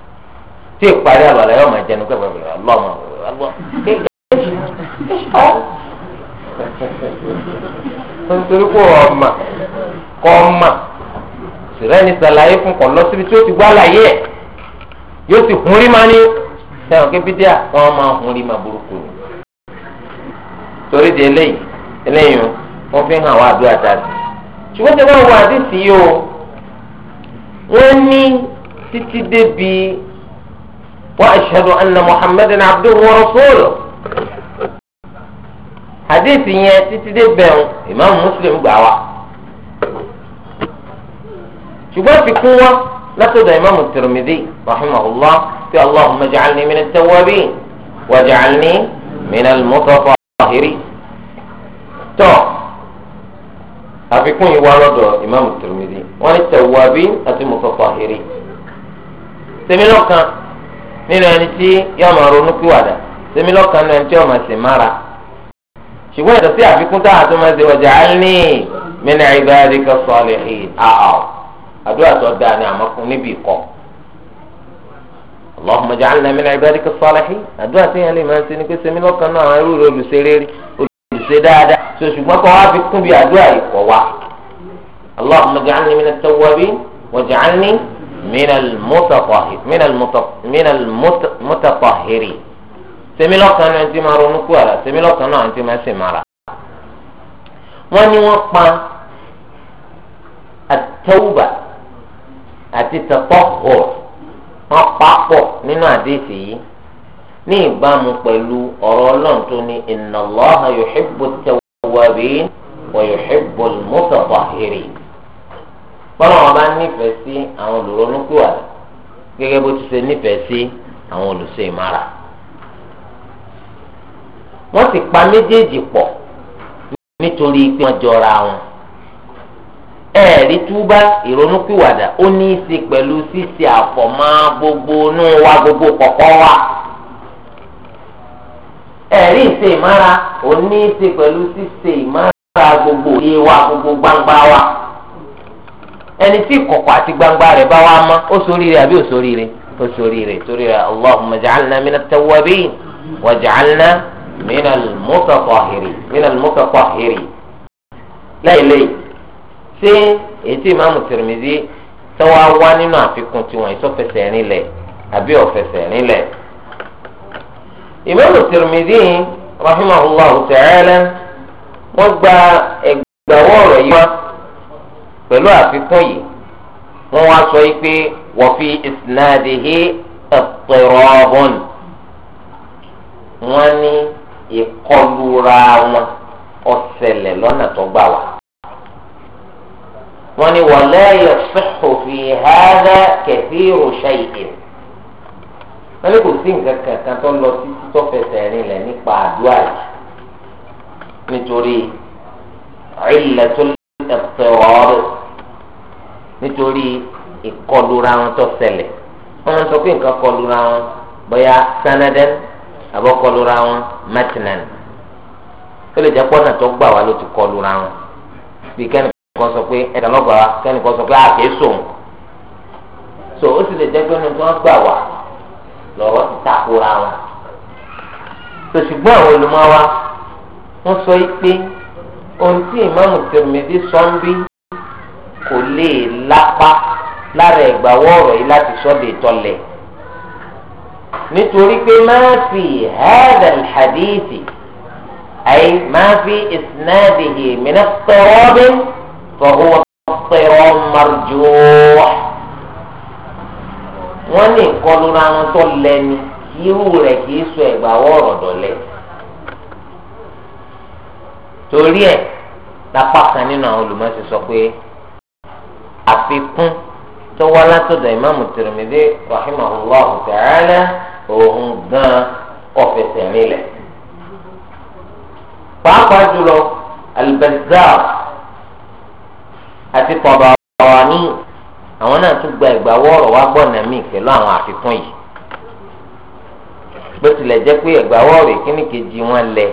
tí ìparí àlọ́lá yóò máa jẹnu pẹ̀lú ọlọ́mọ ọlọ́mọ nítorí pé ọmọ kọ́ ọmọ sìrẹ́ ni sàlàyé fún kọ́ lọ síbi tí ó ti wá láyé ẹ̀ yóò sì hun rí máa ní sẹ́wọ̀n kí bídíà wọ́n máa hun rí máa burúkú ni torí di eléyìí eléyìí wọ́n fi hàn wá àdúrà dáadáa. ṣùgbọ́n tí wọ́n wọ àdìsí yìí o wọ́n ní títí débi wa ashhadu anna muhammadan abduhu wa rasuluhu àdìsí yẹn títí débẹ̀ ń imam muslim gbà wá ṣùgbọ́n fi kún wá látọ̀dọ̀ imam tirmidhi allah ti allahumma ja'alni min at-tawwabin wa ja'alni min al-mutatahhirin tọ́. àfikún yìí wá lọ́dọ̀ ìmáàmù Tirmidhi wọ́n ní tẹ̀wábí àti mùtọ̀fàhìrì sẹ́mílọ́kan nínú ẹni tí yóò máa ronú pìwàdà sẹ́mílọ́kan nínú ẹni tí yóò máa sì mára ṣùgbọ́n ìdọ̀ sí àfikún máa ṣe á ní ibadika salihin àá àdúrà tó dáa ní àmọ́kún níbi ìkọ́ Allahumma ja'alna min ibadika salihin ṣe dáadáa so ṣùgbọ́n kọ́ wá fi kún bí àdúrà yìí kọ́ wá. allahumma ja'alni min at-tawwabin wa ja'alni min al-mutatahhirin sẹ́mílọ́kan náà ti máa ronú kú àrà sẹ́mílọ́kan náà ti máa sèmára. wọ́n ní wọ́n pa àtẹ́wùbà àti tẹ̀pọ̀ hù wọ́n pa pọ̀ nínú àdéhìí ní ìbámu pẹ̀lú ọ̀rọ̀ ọlọ́run tó ní inna Allaha yuhibbu at-tawwabin wa yuhibbu al-mutatahhirin. bọ́lá wọn bá nífẹ̀ẹ́ sí àwọn olùrònúkúwàdà gẹ́gẹ́ bó ti ṣe nífẹ̀ẹ́ sí àwọn ìmára. wọ́n sì pa méjèèjì pọ̀ nítorí pé wọ́n jọra wọn. ẹ̀ẹ̀rí túbá ìrònúkúwàdà ó ní í ṣe pẹ̀lú ṣíṣe àfọ̀mọ́ gbogbo inú wa gbogbo ẹ̀rí ìṣe ìmára òní ṣe pẹ̀lú ṣíṣe ìmára gbogbo òye wa gbogbo gbangba wa ẹni tí kọ̀kọ̀ àti gbangba rẹ̀ bá wa mọ́ ó sórí rẹ̀ àbí ó sórí rẹ̀ ó sórí rẹ̀ sórí rẹ̀ allahumma ja'alna minat tawwabin wa ja'alna minal mutatahhirin minal mutatahhirin lẹ́yìn lẹ́yìn ṣé ètí ìmáàmù Tirmidhi tọ́wọ́ wá nínú àfikún tiwọn ìsọfẹsẹ̀ rìn lẹ̀ àbí ọ̀fẹsẹ̀ rìn lẹ̀ إمام الترمذي رحمه الله تعالى وقع الدوار أيوة فلو أفتي هو صيفي وفي إسناده اضطراب واني يقلو راما أسل لنا تبالا واني ولا يصح في هذا كثير شيء wọn lé kò sí nǹkan kankan tó lọ sí títọ́fẹsẹ̀ rìn lẹ̀ nípa àdúrà yìí nítorí ìlẹ̀tún ẹ̀fẹ̀ ọ̀rọ̀ nítorí ìkọlura wọn tó ṣẹlẹ̀ wọn sọ pé nǹkan kọlura wọn bóyá sanadan àbọ̀ kọlura wọn mẹtinan ó lè jẹ́ pọ́nà tó gbà wá ló ti kọlura wọn bí kẹ́nìkan sọ pé ẹ̀dá lọ́gbà kẹ́nìkan sọ pé àkè sòun so ó sì lè jẹ́ pé nínú tí gbà wá lọ́rọ̀ ti takora wọn. sòṣùgbọ́n àwọn olùmọ́wá wọ́n sọ pé ohun tí ìmáàmù Tirmidhi sọ́ńbí kò lè lápá lára ìgbàwọ́ ọ̀rọ̀ yìí láti sọ́dẹ̀ tọ́lẹ̀ nítorí pé máa fi hẹ́ẹ̀dà hadithi ayé máa fi isnadihi min at-tarabi fa huwa at wọn ní ìkọlù rárá tó lẹ́ni irú rẹ̀ kì í sọ ẹ̀gbà wọ́ọ̀rọ̀ dọ̀lẹ́ torí ẹ̀ lápá kan nínú àwọn olùmọ̀ọ́sẹ̀ sọ pé àfikún tó wá látọ̀dọ̀ ìmáàmù Tirmidhi rahimahullahu ta'ala òun gan ọ̀fẹ̀sẹ̀ nílẹ̀ pàápàá jùlọ Al-Bazzar àti Tabarani. àwọn náà tún gba ẹgbàwọ ọ̀rọ̀ wá gbọ àwọn àfikún yìí bó jẹ́ pé ẹgbàwọ ọ̀rọ̀ ìkíní kejì wọn lẹ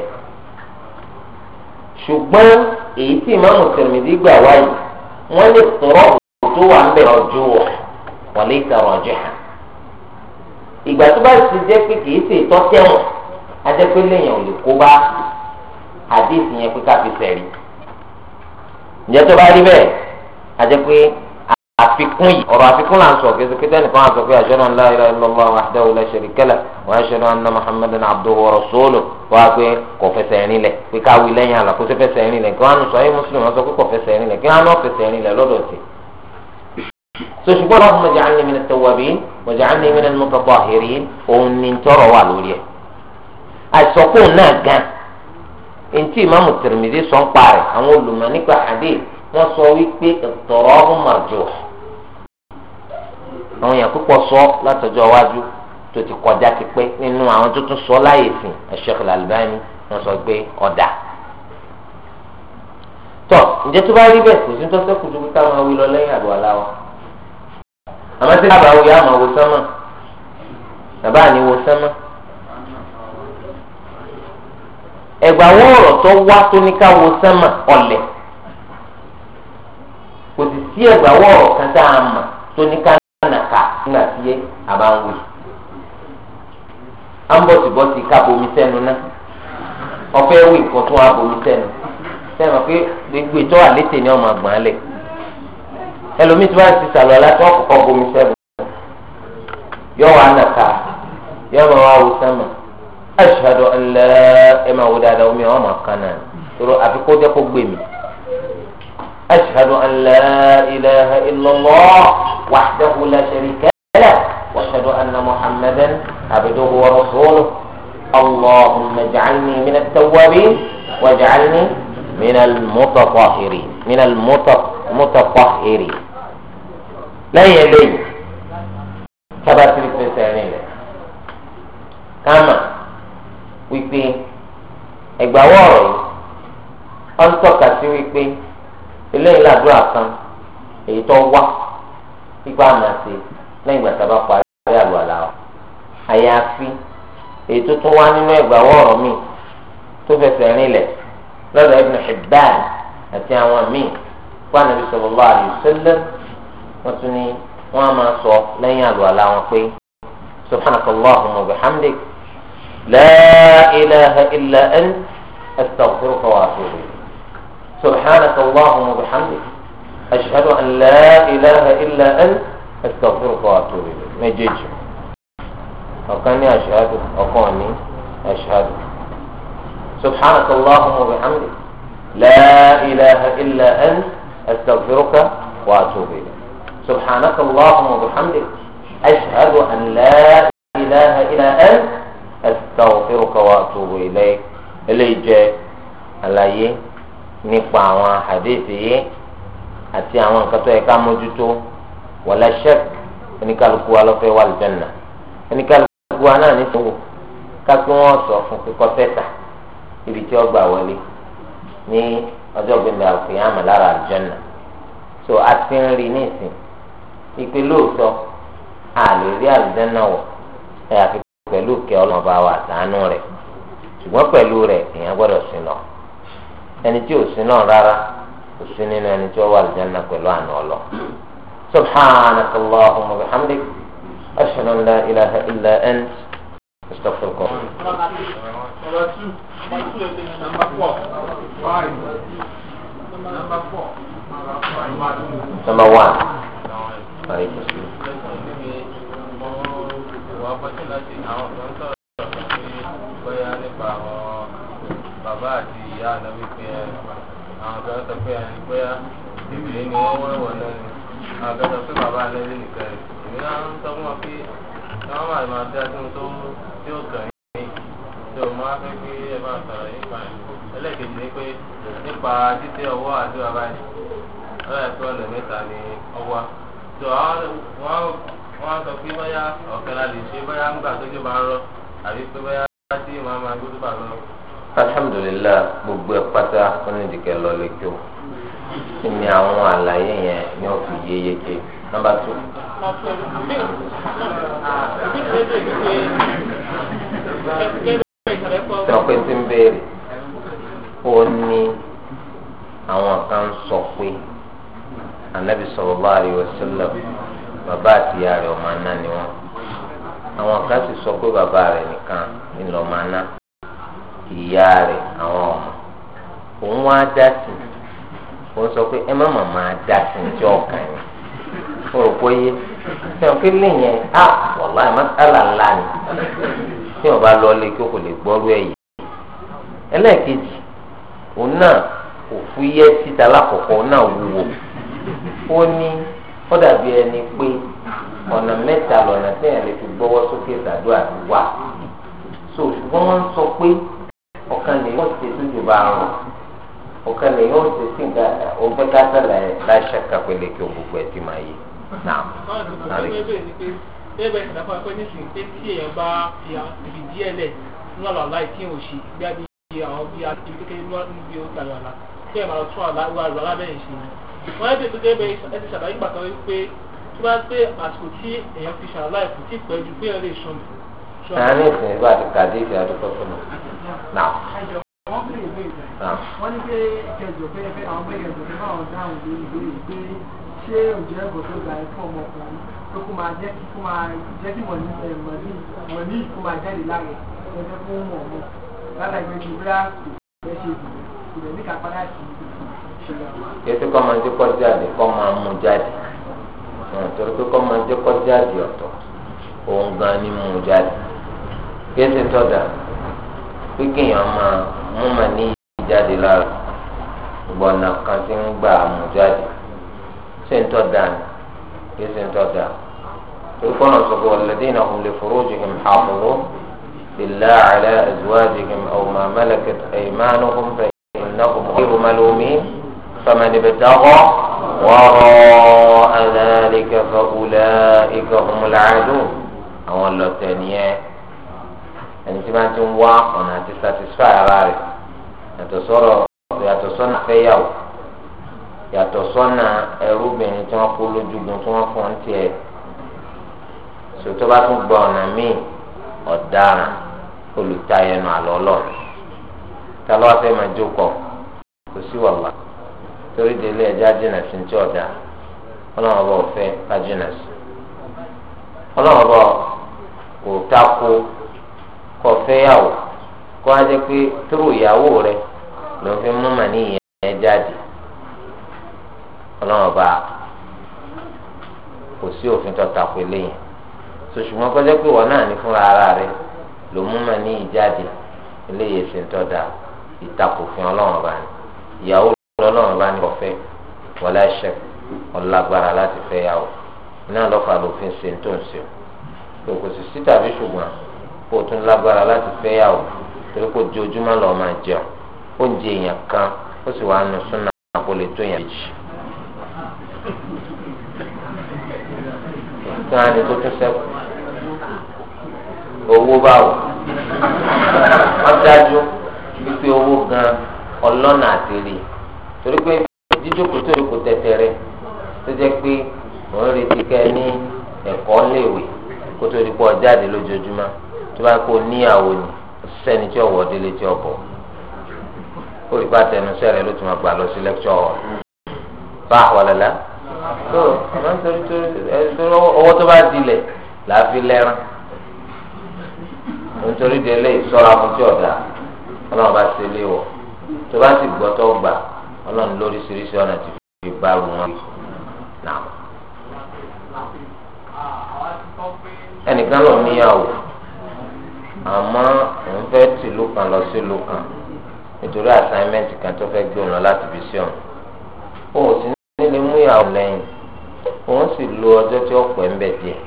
ṣùgbọ́n èyí tí ìmáàmù Tirmidhi gbà wáyé wọ́n lè kúrọ̀ tó wà ọjọ́ wọ̀ wọ́n lè tẹ̀rọ ìgbà tó ti jẹ́ pé ṣe pé ká àfikún yìí ọ̀rọ̀ àfikún là ń sọ kí ẹsẹ̀ nìkan á sọ pé ashhadu an la ilaha illallah wahdahu la sharika lahu wa ashhadu anna muhammadan abduhu wa rasuluhu wá pé kò fẹsẹ̀ rìn lẹ̀ pé káwí lẹ́yìn àlà kó fẹsẹ̀ rìn lẹ̀ kí wọ́n á sọ ayé mùsùlùmí wọn sọ pé kò fẹsẹ̀ rìn lẹ̀ kí wọ́n á lọ fẹsẹ̀ rìn lẹ̀ lọ́dọ̀ sí. sọ̀sùgbọ́n Allahumma ij'alni min at-tawwabin waj'alni min al-mutatahhirin òun ni tọrọ wà lórí ẹ̀. àìsọ̀kò náà gan wọ́n sọ wípé at-tarahum marjuh àwọn èèyàn púpọ̀ sọ látọjọ́ iwájú tó ti kọjá ti pé nínú àwọn tó tún sọ láyè sìn Sheikh Al-Albani wọ́n sọ pé ọ̀dà. tọ́ ǹjẹ́ tó bá rí bẹ́ẹ̀ kò sí tọ́sẹ́ kùtù kí táwọn awi lọ lẹ́yìn àdó aláwọ̀. àmọ́ tí bàbá awi àmọ́ wo sánmà bàbá àní wo sánmà. ẹ̀gbà wo tó wá tó wo sánmà ọ̀lẹ̀ kò sì sí ẹ̀gbà wo kan tá a mọ̀ tó na ka tí yé àbá ń wì à bomi sẹ́nu náà ọ̀fẹ́ wì nǹkan tó wà bomi sẹ́nu sẹ́nu pé gbogbo ìtọ́ àlétè ni ọmọ àgbọ̀n lẹ̀ ẹlòmíì tí wọ́n ti sàlọ̀ láti wọ́n bomi sẹ́nu yọ wà nàka yọ ilaha وحده لا شريك له واشهد ان محمدا عبده ورسوله اللهم اجعلني من التوابين واجعلني من المتطهرين من المتطهرين لا يلي كما تلك بسانينه كما wípé ẹgbàwọ ọ̀rọ̀ yìí ọ ń tọ́ka sí wípé eléyìí làdúrà kan èyí tó wá pípa àmà ṣe lẹ́yìn ìgbà tá a bá parí àlọ́ àlá wa àyàfi èyí tó tún wá nínú ẹgbà wọ́ọ̀rọ̀ mi tó fẹsẹ̀ rinlẹ̀ lọ́dọ̀ Ibn Hibban àti àwọn míì fún Ànábì sallallahu alaihi wasallam wọ́n tún ní wọ́n á máa sọ lẹ́yìn àlọ́ àlá wọn pé subhanakallahumma wa bihamdik la ilaha illa anta astaghfiruka wa atubu subhanakallahumma wa bihamdik. أشهد أن لا إله إلا أنت أستغفرك وأتوب إليك ما يجيش أقني أشهد أقني أشهد سبحانك اللهم وبحمدك لا إله إلا أنت أستغفرك وأتوب إليك سبحانك اللهم وبحمدك أشهد أن لا إله إلا أنت أستغفرك وأتوب إليك اللي جاء الله يي نقطع حديثي àti àwọn nǹkan tó yẹ ká mójútó wala shak oníkálukú wa lọ́fẹ́ wà lùjọ́nà oníkálukú wa náà ní sọ́wọ́ kápẹ́ wọn sọ fún kíkọ́ tẹ́tà ibi tí ọgbà wọlé ní ọjọ́ gbẹ̀ndà àlùkìyàmà lára àlùjọ́nà so a ti ń rí nísìn ìpè lóòótọ́ àlè rí àlùjọ́nà wọ̀ ẹ̀ àfi pẹ̀lú kẹ́ ọlọ́ba wa àtàánú rẹ̀ ṣùgbọ́n pẹ̀lú rẹ̀ èèyàn gbọ́dọ̀ sin lọ ẹni tí ò sin náà rárá kò sí nínú ẹni tí ó wà lìjánná pẹ̀lú àná ọlọ. سبحانك اللهم وبحمدك أشهد أن لا إله إلا أنت أستغفرك Number one. Alaikum salam. bàbá àti ìyá ànáwó sọ pé àyè pé bíbélì ni wọ́n wọ́n wọ̀ náà ni àgbàdo pé bàbá alẹ́lẹ́ nìkan rẹ̀ èmi náà ń sọ fún wọn pé káwọn máa máa dá sí ohun tó mú tí ó kàn yín tí o máa fẹ́ pé ẹ máa sọ̀rọ̀ nípa ẹ̀ ẹlẹ́ẹ̀kejì ni pé nípa títẹ ọwọ́ àti bàbá yìí ọ̀rẹ́ tó ọ̀nà mẹ́ta ni ọwọ́ tó wọ́n á sọ pé bóyá ọ̀kẹ́ra lè ṣe bóyá ń gbà tó jẹ́ máa rọ àbí pé bóyá tí màá máa gbódúbà lọ́nà alhamdulilayi gbogbo ẹ pátá onídìkẹ lọlẹ tó ìní àwọn àlàyé yẹn ni ó fi yé yeke nọ́mbà tó. sọpé tí ń béèrè ó ní àwọn kan sọ pé anabi sallallahu alaihi wasallam bàbá àti ìyá rẹ̀ ọmọ aná ni wọn àwọn kan sì sọ pé bàbá rẹ̀ nìkan ni lọ́ọ́ máa ná. ìyá rẹ̀ àwọn ọmọ òun wá dá sí i òun sọ pé ẹ má màmá dá sí i tí ọkàn yẹn fún òpó yé fẹ́ràn pé lẹ́yìn á wàlá ẹ̀ ńlá ni tí bá lọ lé kí o kò lè gbọ́rú ẹ̀ yìí ẹlẹ́ẹ̀kejì òun náà kò fúyẹ́ títa lákọ̀ọ́kọ́ òun náà wúwo ó ní ó dàbí ẹni pé ọ̀nà mẹ́ta lọ́nà tí lè fi gbọ́wọ́ sókè ti wà so ṣùgbọ́n wọ́n sọ pé ọ̀kan lè yóò ṣe sójú bá rùn ọ̀kan lè yóò ṣe sí nǹkan ọgbẹ́ kásálà ẹ̀ láṣẹ kápẹ́lẹ́ kí o gbogbo ẹ̀ ti máa yé. Bẹ́ẹ̀ bẹ́ẹ̀ sọ̀rọ̀ pé nísìnyí pé tí èèyàn bá fi ibi díẹ̀ lẹ̀ nínú àlọ́ àlá ìkí òṣì bí a ṣe àwọn bí a ti kékeré níbi ó tàbí àlá kí ẹ̀ máa tún àlá ìwà àlọ́ alábẹ́yìn ṣe ni. Wọ́n yẹ́ pé bẹ́ẹ̀ bẹ́ẹ̀ ẹ ṣáà ní ìsìn ìgbà àti kàdé ìfẹ́ àdúgbò fún mi. wọ́n ní pé kẹjọ pé pé àwọn bẹ́ẹ̀ kẹjọ pé báwọn dáhùn lórí kọ́ máa ń jẹ́ kọ́ jáde kọ́ máa mú jáde torí kọ́ máa ń jẹ́ kọ́ jáde ọ̀tọ̀ òun gan ni mú jáde. kìí ṣe tọ́da pé kéèyàn máa mú màá ní ìjáde lára ìgbọ̀nà kan tí ń gbà mú jáde ma ni ijade lara gbọ̀nà ṣe ń tọ́da torí kọ́nà sọ̀kọ̀ alladhina hum li furujihim hafidhun illa ala azwajihim aw ń malakat aymanuhum fa innahum ghayru malumin faman ibtagha wara'a dhalika fa ulaika humul aadun àwọn lọ́tẹ̀ nìyẹn. ẹni tí wọ́n ti ń wá ọ̀nà àti satisfy ara rẹ̀ yàtọ̀ sọ̀rọ̀ yàtọ̀ fe fẹ́yàwó yàtọ̀ sọ́nà ẹrúbìnrin tí wọ́n kó lójúgun tí wọ́n fọ́n tiẹ̀ sòtọ́ bá tún gba ọ̀nà míì ọ̀daràn olùtayẹnu àlọ́ ọlọ́run ta wá fẹ́ máa jókòó kò sí wàhálà torí délé ẹja jìnnà sí ní ọ̀dà ọlọ́run ọ̀fẹ́ ká jìnnà sí kò tako. kọ fẹ́yàwó kó a jẹ́ pé tóró ìyàwó rẹ̀ ló fi mú màní ìyẹn jáde ọlọ́run ọba kò sí òfin tó tako eléyìí sòṣùmọ́ kó jẹ́ pé wọn náà ní fúnra ara rẹ̀ ló mú màní ìjáde eléyìí èsì ń tọ́ da ìtakò fún ọlọ́run ọba ni ìyàwó ọlọ́run ọba ni kò fẹ́ wọlé ẹ̀ṣẹ̀ ọlágbára láti fẹ́yàwó náà lọ́fà lófin ṣe ń tó ń ṣe òkòtò sí tàbí ṣùgbọ́n kó o tún lágbára láti fẹ́ yàwó torí kó ojoojúmọ́ lọ́ọ́ máa jẹun oúnjẹ èèyàn kan ó sì wá nu súnà kó lè tó yàn jì. tí wọ́n á ní tó tún sẹ́kù owó báwò wọ́n dájú wípé owó gan ọlọ́nà àtẹ̀lé torí pé jíjókòó tó rí kò tẹ̀tẹ̀rẹ̀ tó jẹ́ pé òun retí kẹ́ ní ẹ̀kọ́ léèwé kó tó rí pọ̀ jáde lójoojúmọ́ tó bá kó níyàwó ni sẹ́ni tí ọ̀wọ́ délé tí ọ̀bọ̀ olùkọ́ àtẹnusẹ́ rẹ ló ti máa gbà lọ sí lẹ́kṣọ̀ ọ̀ bá a wọlé la tó àmọ́ nítorí torí owó tó bá dilẹ̀ là á fi lẹ́rán nítorí délé ìsọ́ra fún tí ọ̀dà ọlọ́run bá ṣe lé wọ̀ tó bá sì gbọ́ tó gbà ọlọ́run lóríṣiríṣi ọ̀nà ti fi bá ru wọn náà ẹnìkan lọ níyàwó. àmọ́ òun fẹ́ tìlú kan lọ sí ìlú nítorí assignment kan tó fẹ́ gbé òun láti fi sí ọ̀hún o sì ní lè mú ìyàwó lẹ́yìn òun sì lo ọjọ́ tí ó pẹ́ ń bẹ̀ díẹ̀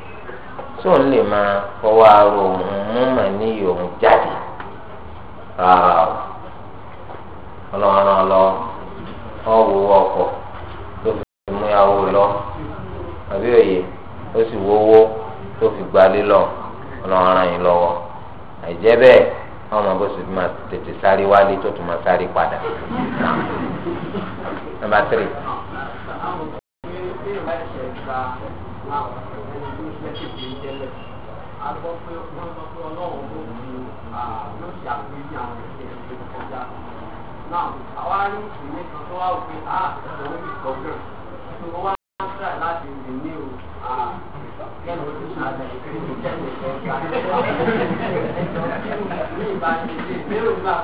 tí òun lè máa fọwọ́ aró òun mú mà o ọlọ́run lọ ọ̀wọ́ ọkọ̀ tó fi mú ìyàwó lọ àbí òye ó sì lọ ọlọ́run ẹ̀jẹ̀ bẹ́ẹ̀ wọn mọ bó ṣe fi máa tètè sáré wálé tó tún máa sáré padà. Number three. Now, àwa rí ìwé kan tó wá òfin á òun ìkọ̀gbìn tó wá Now,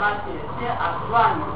that's it. Yeah, as one.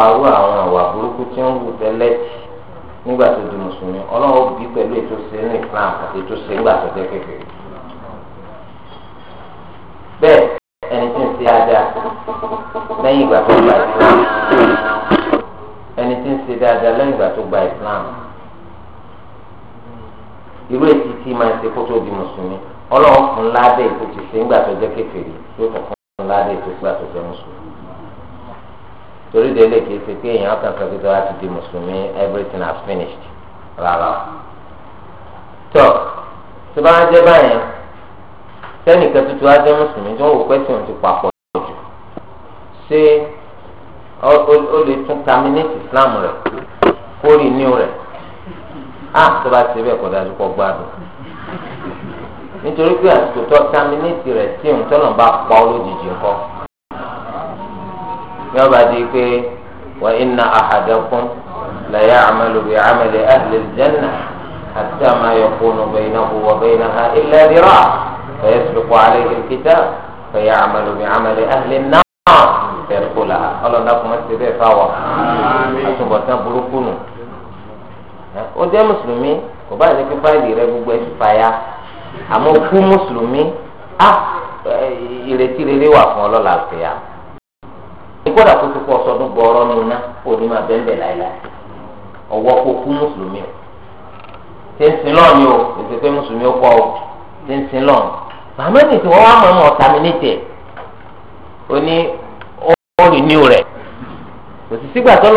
parú àwọn àwà burúkú tí ń wù tẹ́lẹ̀ nígbà tó di mùsùlùmí ọlọ́run bí pẹ̀lú ètò ṣe ní islam àti ètò ṣe nígbà tó jẹ́ kékeré. bẹ́ẹ̀ ẹni tí ń ṣe lẹ́yìn ìgbà gba islam ẹni tí ń ṣe dáadáa lẹ́yìn ìgbà tó gba islam irú ètí tí máa ń ṣe kó tó di mùsùlùmí ọlọ́run fún ládé ètò ṣe nígbà tó jẹ́ kékeré yóò tún fún ládé ètò ṣe nígbà tó torí délé kìí ṣe pé èèyàn kan sọ pé tó láti di mùsùlùmí everything has finished rárá tó tó bá jẹ́ báyẹn sẹ́nìkan tuntun á jẹ́ mùsùlùmí tó ń wò pẹ́sìn ti papọ̀ jù ṣé ó lè tún terminate Islam rẹ̀ kó rí new rẹ̀ á tó bá ṣe bẹ́ẹ̀ kó dájú kó gbádùn nítorí pé àsìkò tó terminate rẹ̀ tí òun tọ́nà bá pa ọ́ lójijì ńkọ́ yóò bá di pé wa inna ahadakum la ya'malu bi 'amali ahli al-jannah hatta ma yakunu baynahu wa baynaha illa dhira' fayasbiqu 'alayhi al-kitab faya'malu bi 'amali ahli an-nar fayadkhulaha ọlọ́dà kò má ti bẹ́ẹ̀ fà wà àtúbọ̀tán burúkú nù ó jẹ́ mùsùlùmí kò bá ní kí fáìlì rẹ gbogbo ẹ ti fàya àmọ́ kú mùsùlùmí á ìrètí rere wà fún ọlọ́lá àfẹ́yà. nígbàdà kó ti kó ọsọdún gbọọrọ nuna kó máa bẹ́ẹ̀ láìláì ọwọ́ kó kú mùsùlùmí o ṣé ń sin o èsì pé mùsùlùmí ó o ṣé ń sin lọ́ọ̀ni màmá ní wá mọ̀ọ́mọ́ mi ní tiẹ̀ ní ó ní sígbà tó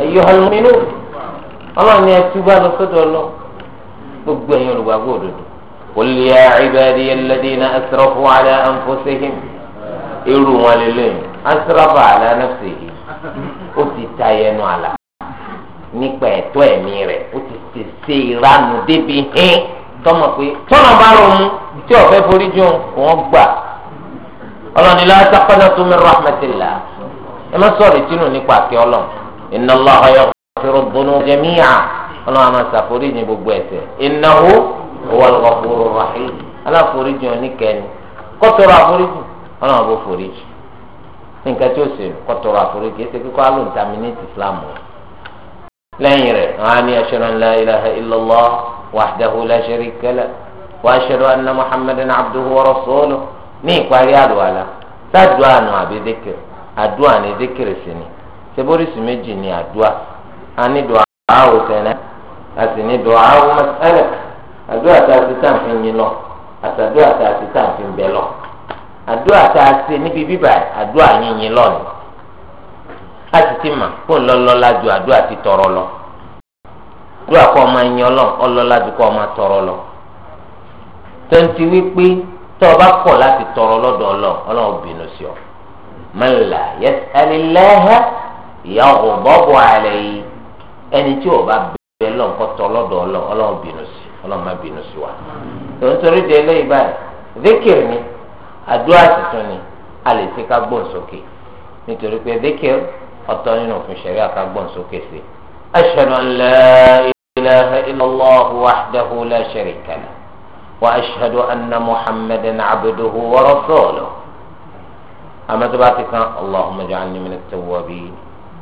ayyuhal mu'minun ọlọ́run ni ẹtú bá lọ sọ́dọ̀ lọ gbogbo ẹ̀yin olùgbàgbọ́ òdodo. qul ya ibadiya alladhina asrafu ala anfusihim irú wọn lélẹ̀ asrafa ala nafsihi ó ti ta ẹnu àlà nípa ẹ̀tọ́ ẹ̀mí rẹ̀ ó ti ṣe ìranù débi hín tọmọ pé tọ́nà bá rò mú tí ọ̀fẹ́ forí jùn wọ́n gbà ọlọ́ni la taqnatu min rahmatillah ẹ má sọ̀rọ̀ ìtinú nípa àkẹ́ ọlọ́run inna Allaha yaghfiru dhunuba jami'a ọlọ́run àmà ṣàforíjì gbogbo ẹ̀ṣẹ̀ innahu huwal ghafurur rahim aláforíjì oníkẹ́ni kọ́tọ́rọ̀ àforíjì ọlọ́run àbò foríjì nǹkan tí ó ṣe kọ́tọ́rọ̀ àforíjì ẹsẹ̀ kíkọ́ alóhùn tàmínítì islam o lẹ́yìn rẹ̀ wọ́n á ní ashhadu an la ilaha illallah wahdahu la sharika lahu wa ashhadu anna muhammadan abduhu wa rasuluhu ní ìparí àlùwàlà sádùá nù àbí dékèrè àdúà ní dékèrè sí ni. seborisi méjì ni àdúrà a ní dùn a sì ní dùn àwò mẹsẹ̀lẹ̀ àdúrà tá a ti tàn fi yin lọ àtàdúrà tá a ti tàn fi bẹ lọ àdúrà tá a ṣe níbi bíbà lọ ni a sì ti mà kó ń lọ́lọ́lá ju ti tọrọ lọ àdúrà kọ́ ọmọ yin ọlọ́ ọlọ́lá ju kọ́ ọmọ tọrọ lọ tonti wípé tó bá kọ̀ láti tọrọ lọ́dọ̀ ọlọ́ sí ọ ìyá ọ̀bọ̀bọ̀ àlẹ́ yìí ẹni tí ò bá bẹ̀rẹ̀ lọ́nkọ́tọ̀ lọ́dọ̀ ọlọ́run bínú sí ọlọ́run má bínú sí wa. nítorí di eléyìí báyìí zikir ni àdúrà tuntun ni a lè ṣe ká gbọ́n sókè nítorí pé zikir ọ̀tọ̀ nínú òfin ṣẹ̀ríà ká gbọ́n sókè sí. ashhadu an la ilaha illallah wahdahu la sharika lah wa ashhadu anna muhammadan abduhu wa rasuluhu. àmọ́ tó kan allahumma ja'alni minat tawwabin.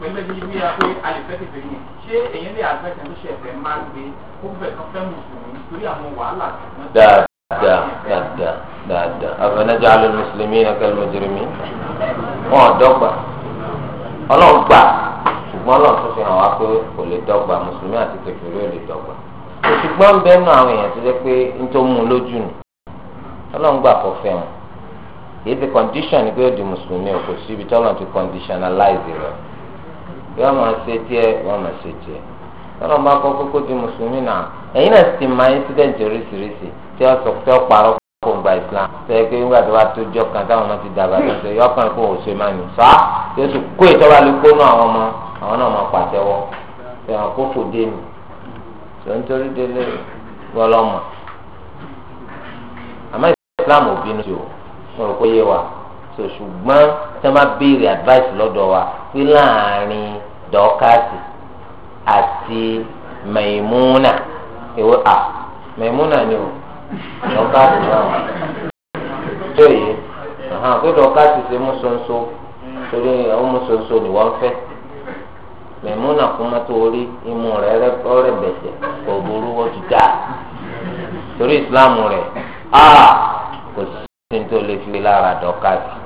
pẹ̀lú ẹni wí ya pé a lè fẹ́ tètè yìí ṣé èyí lè àgbẹ̀tẹ̀ ń ṣe ẹ̀fẹ̀ máa gbé kó fẹ́ kan fẹ́ mùsùlùmí torí àwọn wàhálà. dáadáa dáadáa dáadáa àfẹnẹjọ alẹ mùsùlùmí ẹkẹ lójúrìmí wọn ò dọ́gba Ọlọ́run gbà ṣùgbọ́n Ọlọ́run tó fi hàn wá pé kò lè dọ́gba mùsùlùmí àti kẹfìrí ò lè dọ́gba ṣùgbọ́n ń bẹnu àwọn èèyàn ti jẹ́ pé ń tó mú un lójú nù Ọlọ́run gbà kọ fẹ́ wọn èyí ti condition ni pé ó di mùsùlùmí ò kò síbi tí Ọlọ́run ti conditionalize rẹ̀. yóò máa ṣe tiẹ̀ wọ́n máa ṣe tiẹ̀ tọ́lọ́ bá kọ́ kókó di mùsùlùmí náà ẹ̀yin náà ti máa incident oríṣiríṣi tí sọ parọ́ kó Islam pé nígbà tó bá tó jọ kan táwọn náà ti dàgbà tó yọ kàn kó o ṣe máa nì yóò kó lè kó àwọn ọmọ àwọn náà máa Islam ò bínú sí o mo rò pé so ṣùgbọ́n tẹ́ máa béèrè advice lọ́dọ̀ wa pé láàrin dọ́kàtì àti mẹ̀múnà à mẹ̀múnà ni o dọ́kàtì náà tó yẹ pé dọ́kàtì ṣe mú sonso torí ó mú sonso ni wọ́n fẹ́ mẹ̀múnà kúmọ́ tó orí imú rẹ̀ ọ̀rẹ́ bẹ̀sẹ̀ kò burú wọ́n ti torí rẹ̀ a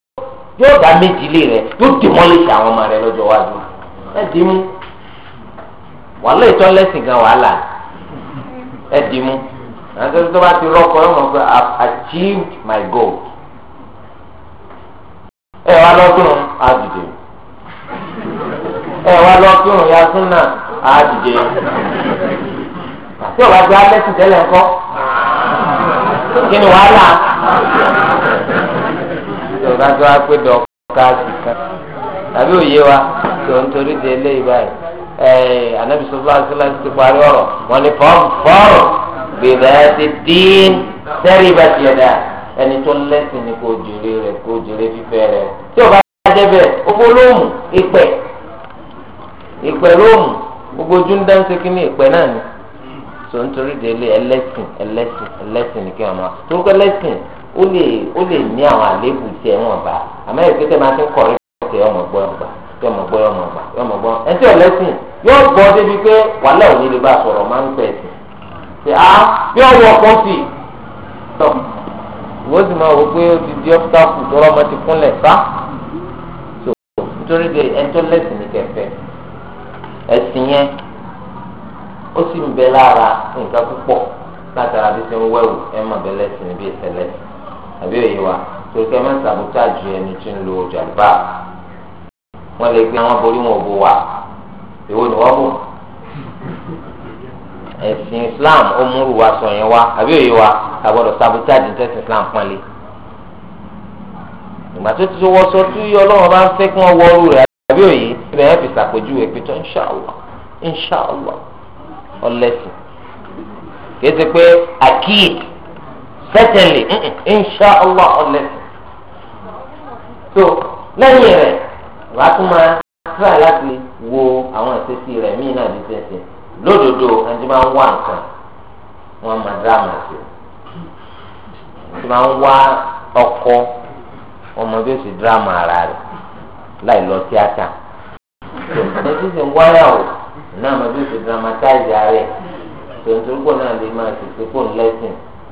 yóò dá méjì lé rẹ yóò demolish àwọn ọmọ rẹ lọ́jọ́ wájú ẹ dì mú wàhálà ìtọ́ lẹ́sìn gan wàhálà ẹ dì mú àti tó bá ti rọ́kọ ẹ mọ̀ pé I have achieved my goal ẹ wá lọ́dún àdìdè ẹ wá lọ́dún yasúnà tẹ́lẹ̀ ńkọ́ kí ni wàhálà. bá ń sọ wá pé dọ̀kásì kan tàbí òye wa tó ń torí de eléyìí báyìí ẹ anabi sọlá sọlá ti parí ọ̀rọ̀ wọn ni fọọmù fọọrọ bèbè ti dín sẹrí bá tiẹ̀ dà ẹni tó lẹ́sìn ni kò jèrè rẹ̀ kò jèrè fífẹ́ rẹ̀ tí o bá jẹ́ bẹ́ẹ̀ o lóòmù ìpẹ́ ìpẹ́ lóòmù gbogbo ojú kí ni ìpẹ́ náà ni sọ nítorí délé ẹlẹ́sìn ẹlẹ́sìn ẹlẹ́sìn ni kí wọn máa tó kọ́ ẹlẹ́sìn ó lè ó lè ní àwọn àléébù tí ẹ wọn bá àmọ́ èyí pété máa ti ń kọrí ọkẹ ọmọ gbọ ọgbà yọmọ gbọ yọmọ gbà yọmọ gbọ ẹtí ọlẹsìn yóò gbọ débi pé wàhálà òní lè bá sọ̀rọ̀ máa ń pẹ ẹsìn ṣe á bí ọwọ́ ọkọ fì tọ ìwọ sì máa wọ pé ó ti di ọfítàkù tọrọ ọmọ ti kúnlẹ̀ fá so nítorí pé ẹtí ọlẹsìn ní kẹfẹ ẹsìn yẹn ó sì ń bẹ lára nǹkan púpọ̀ látara bí ṣe ń wẹ̀wù ẹ mọ̀ bẹ́lẹ̀ sí níbi ìṣẹ̀lẹ̀ sí àbí òye wa torí pé má sàbútàjì ẹni tí ń lo jàlùbá wọn lè gbé àwọn borí wọn bò wá èwo ni wọn bò ẹ̀sìn Islam ó múrù wa sọ yẹn wá àbí òye wa àgbọ̀dọ̀ sàbútàjì tẹ̀sìn Islam pọ́nlé ìgbà tó ti wọ́ sọ tí ọlọ́run bá ń fẹ́ kí wọ́n wọ́ọ́rù rẹ̀ àbí òye ibẹ̀ yẹn fi sàpèjúwe pé tó inṣàlá inṣàlá ọlẹ́sìn kì í ṣe pé akíyèsí. certainly inshallah ọlẹ so lẹ́yìn rẹ̀ wàá tún máa try láti wo àwọn ìṣesí rẹ̀ míì náà di tẹsẹ lódodo ẹni máa ń wá nǹkan wọn máa dáàmà sí ẹni máa ọkọ ọmọ bí ó sì ara rẹ̀ láì lọ tíátà so ẹni tí sì ń wáyà o náà ọmọ bí ó sì ara so nítorí pé náà lè máa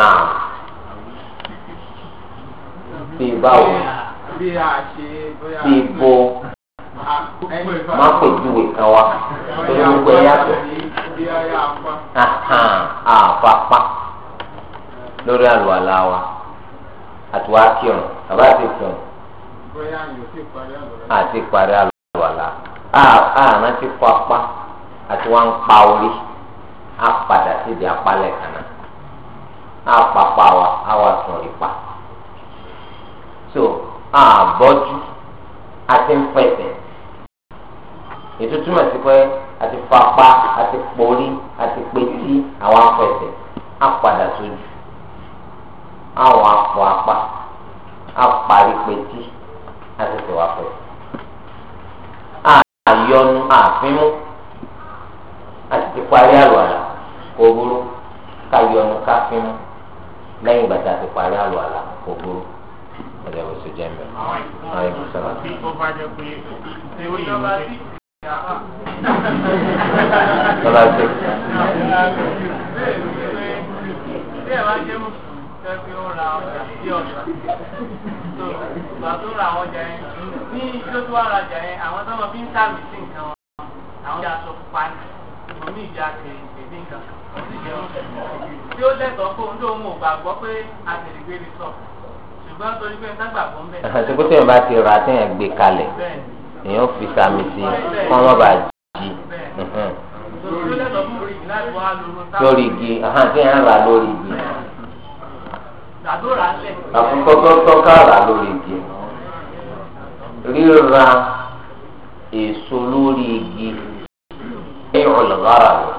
náà bí báwo bí bo má pè júwe kan wa torí gbogbo ẹ yàtọ̀ àfapá lórí àlùwàlá wa àti wàá kírun àbá ti kírun àti parí àlùwàlá àrùn ti kọ apá àti wàá ń pa orí á padà síbi apá lẹ́ẹ̀kan náà apapa wa awa sùn rí pa so àbọ́jú àti ńpẹ̀sẹ̀ ètò túmọ̀ sí pé àti fapá àti pòrí àti pétí àwọn afẹsẹ̀ á padà sójú àwọn afọ apá á parí pétí àti tẹ̀wá fẹsẹ̀ àyọnu àfimú àti ti parí àlọ́ àlà kò burú ká yọnu ká fimú lẹ́yìn ìgbà tá a ti parí àlọ́ àlà kò burú ọ̀dẹ̀ bó ṣe jẹ́ mi. ọ̀rẹ́ mi sọ̀rọ̀ sí. tọ́lá ṣe. bí ẹ bá jẹ́ mú ṣe fi ó ra ọjà sí ọjà tó ìgbà tó ra àwọn ọjà yẹn ní ìjọ tó wà rajà yẹn àwọn tó wọn fi ń tàbí sí nǹkan wọn àwọn ọjà sọ pupa ní ìjà kiri tí ó lẹ́tọ̀ọ́ fóun ló ń mú gbàgbọ́ pé àtẹ̀lẹ́gbẹ́ ni sọ ṣùgbọ́n torí pé nǹkan gbàgbọ́ ń bẹ̀. àti pé téèyàn bá ti ra téèyàn gbé kalẹ̀ èèyàn fi sàmì sí kọ́ wọ́n bá jí. lórí igi téèyàn rà lórí igi. àkókò tó tọ́ka rà lórí igi. ríra èso lórí igi ẹ̀yọ̀ lọ́gàrà rẹ̀.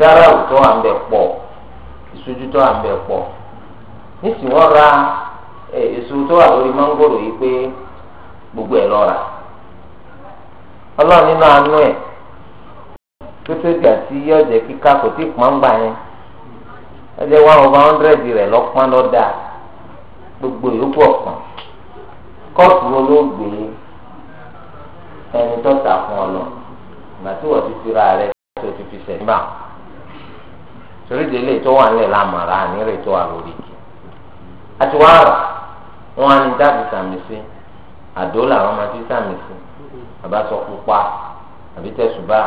gáràwù tó wà ń isuju pọ̀ ìṣojú tó wà ń bẹ̀ pọ̀ nísìnyí wọ́n ra èso gbogbo ẹ̀ lọ́ra ọlọ́run nínú àánú ẹ̀ tó tó gbà tí kò tí ì gbà yẹn ẹ jẹ́ one over hundred rẹ̀ gbogbo yòókù ọ̀kan kọ́ọ̀tù olóògbé ẹni tó fún ọ lọ wọ́n ti fi ra rẹ̀ ti fi torí de ilé tó wà nílẹ̀ lámàrà ní ilé tó wà lórí ike àti wàá rà wọn á ní sàmì sí àdó làwọn pupa àbí tẹ̀sùbà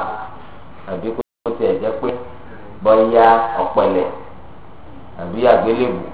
àbí kó tiẹ̀ jẹ́ pé bọ́yá ọ̀pẹ̀lẹ̀ àbí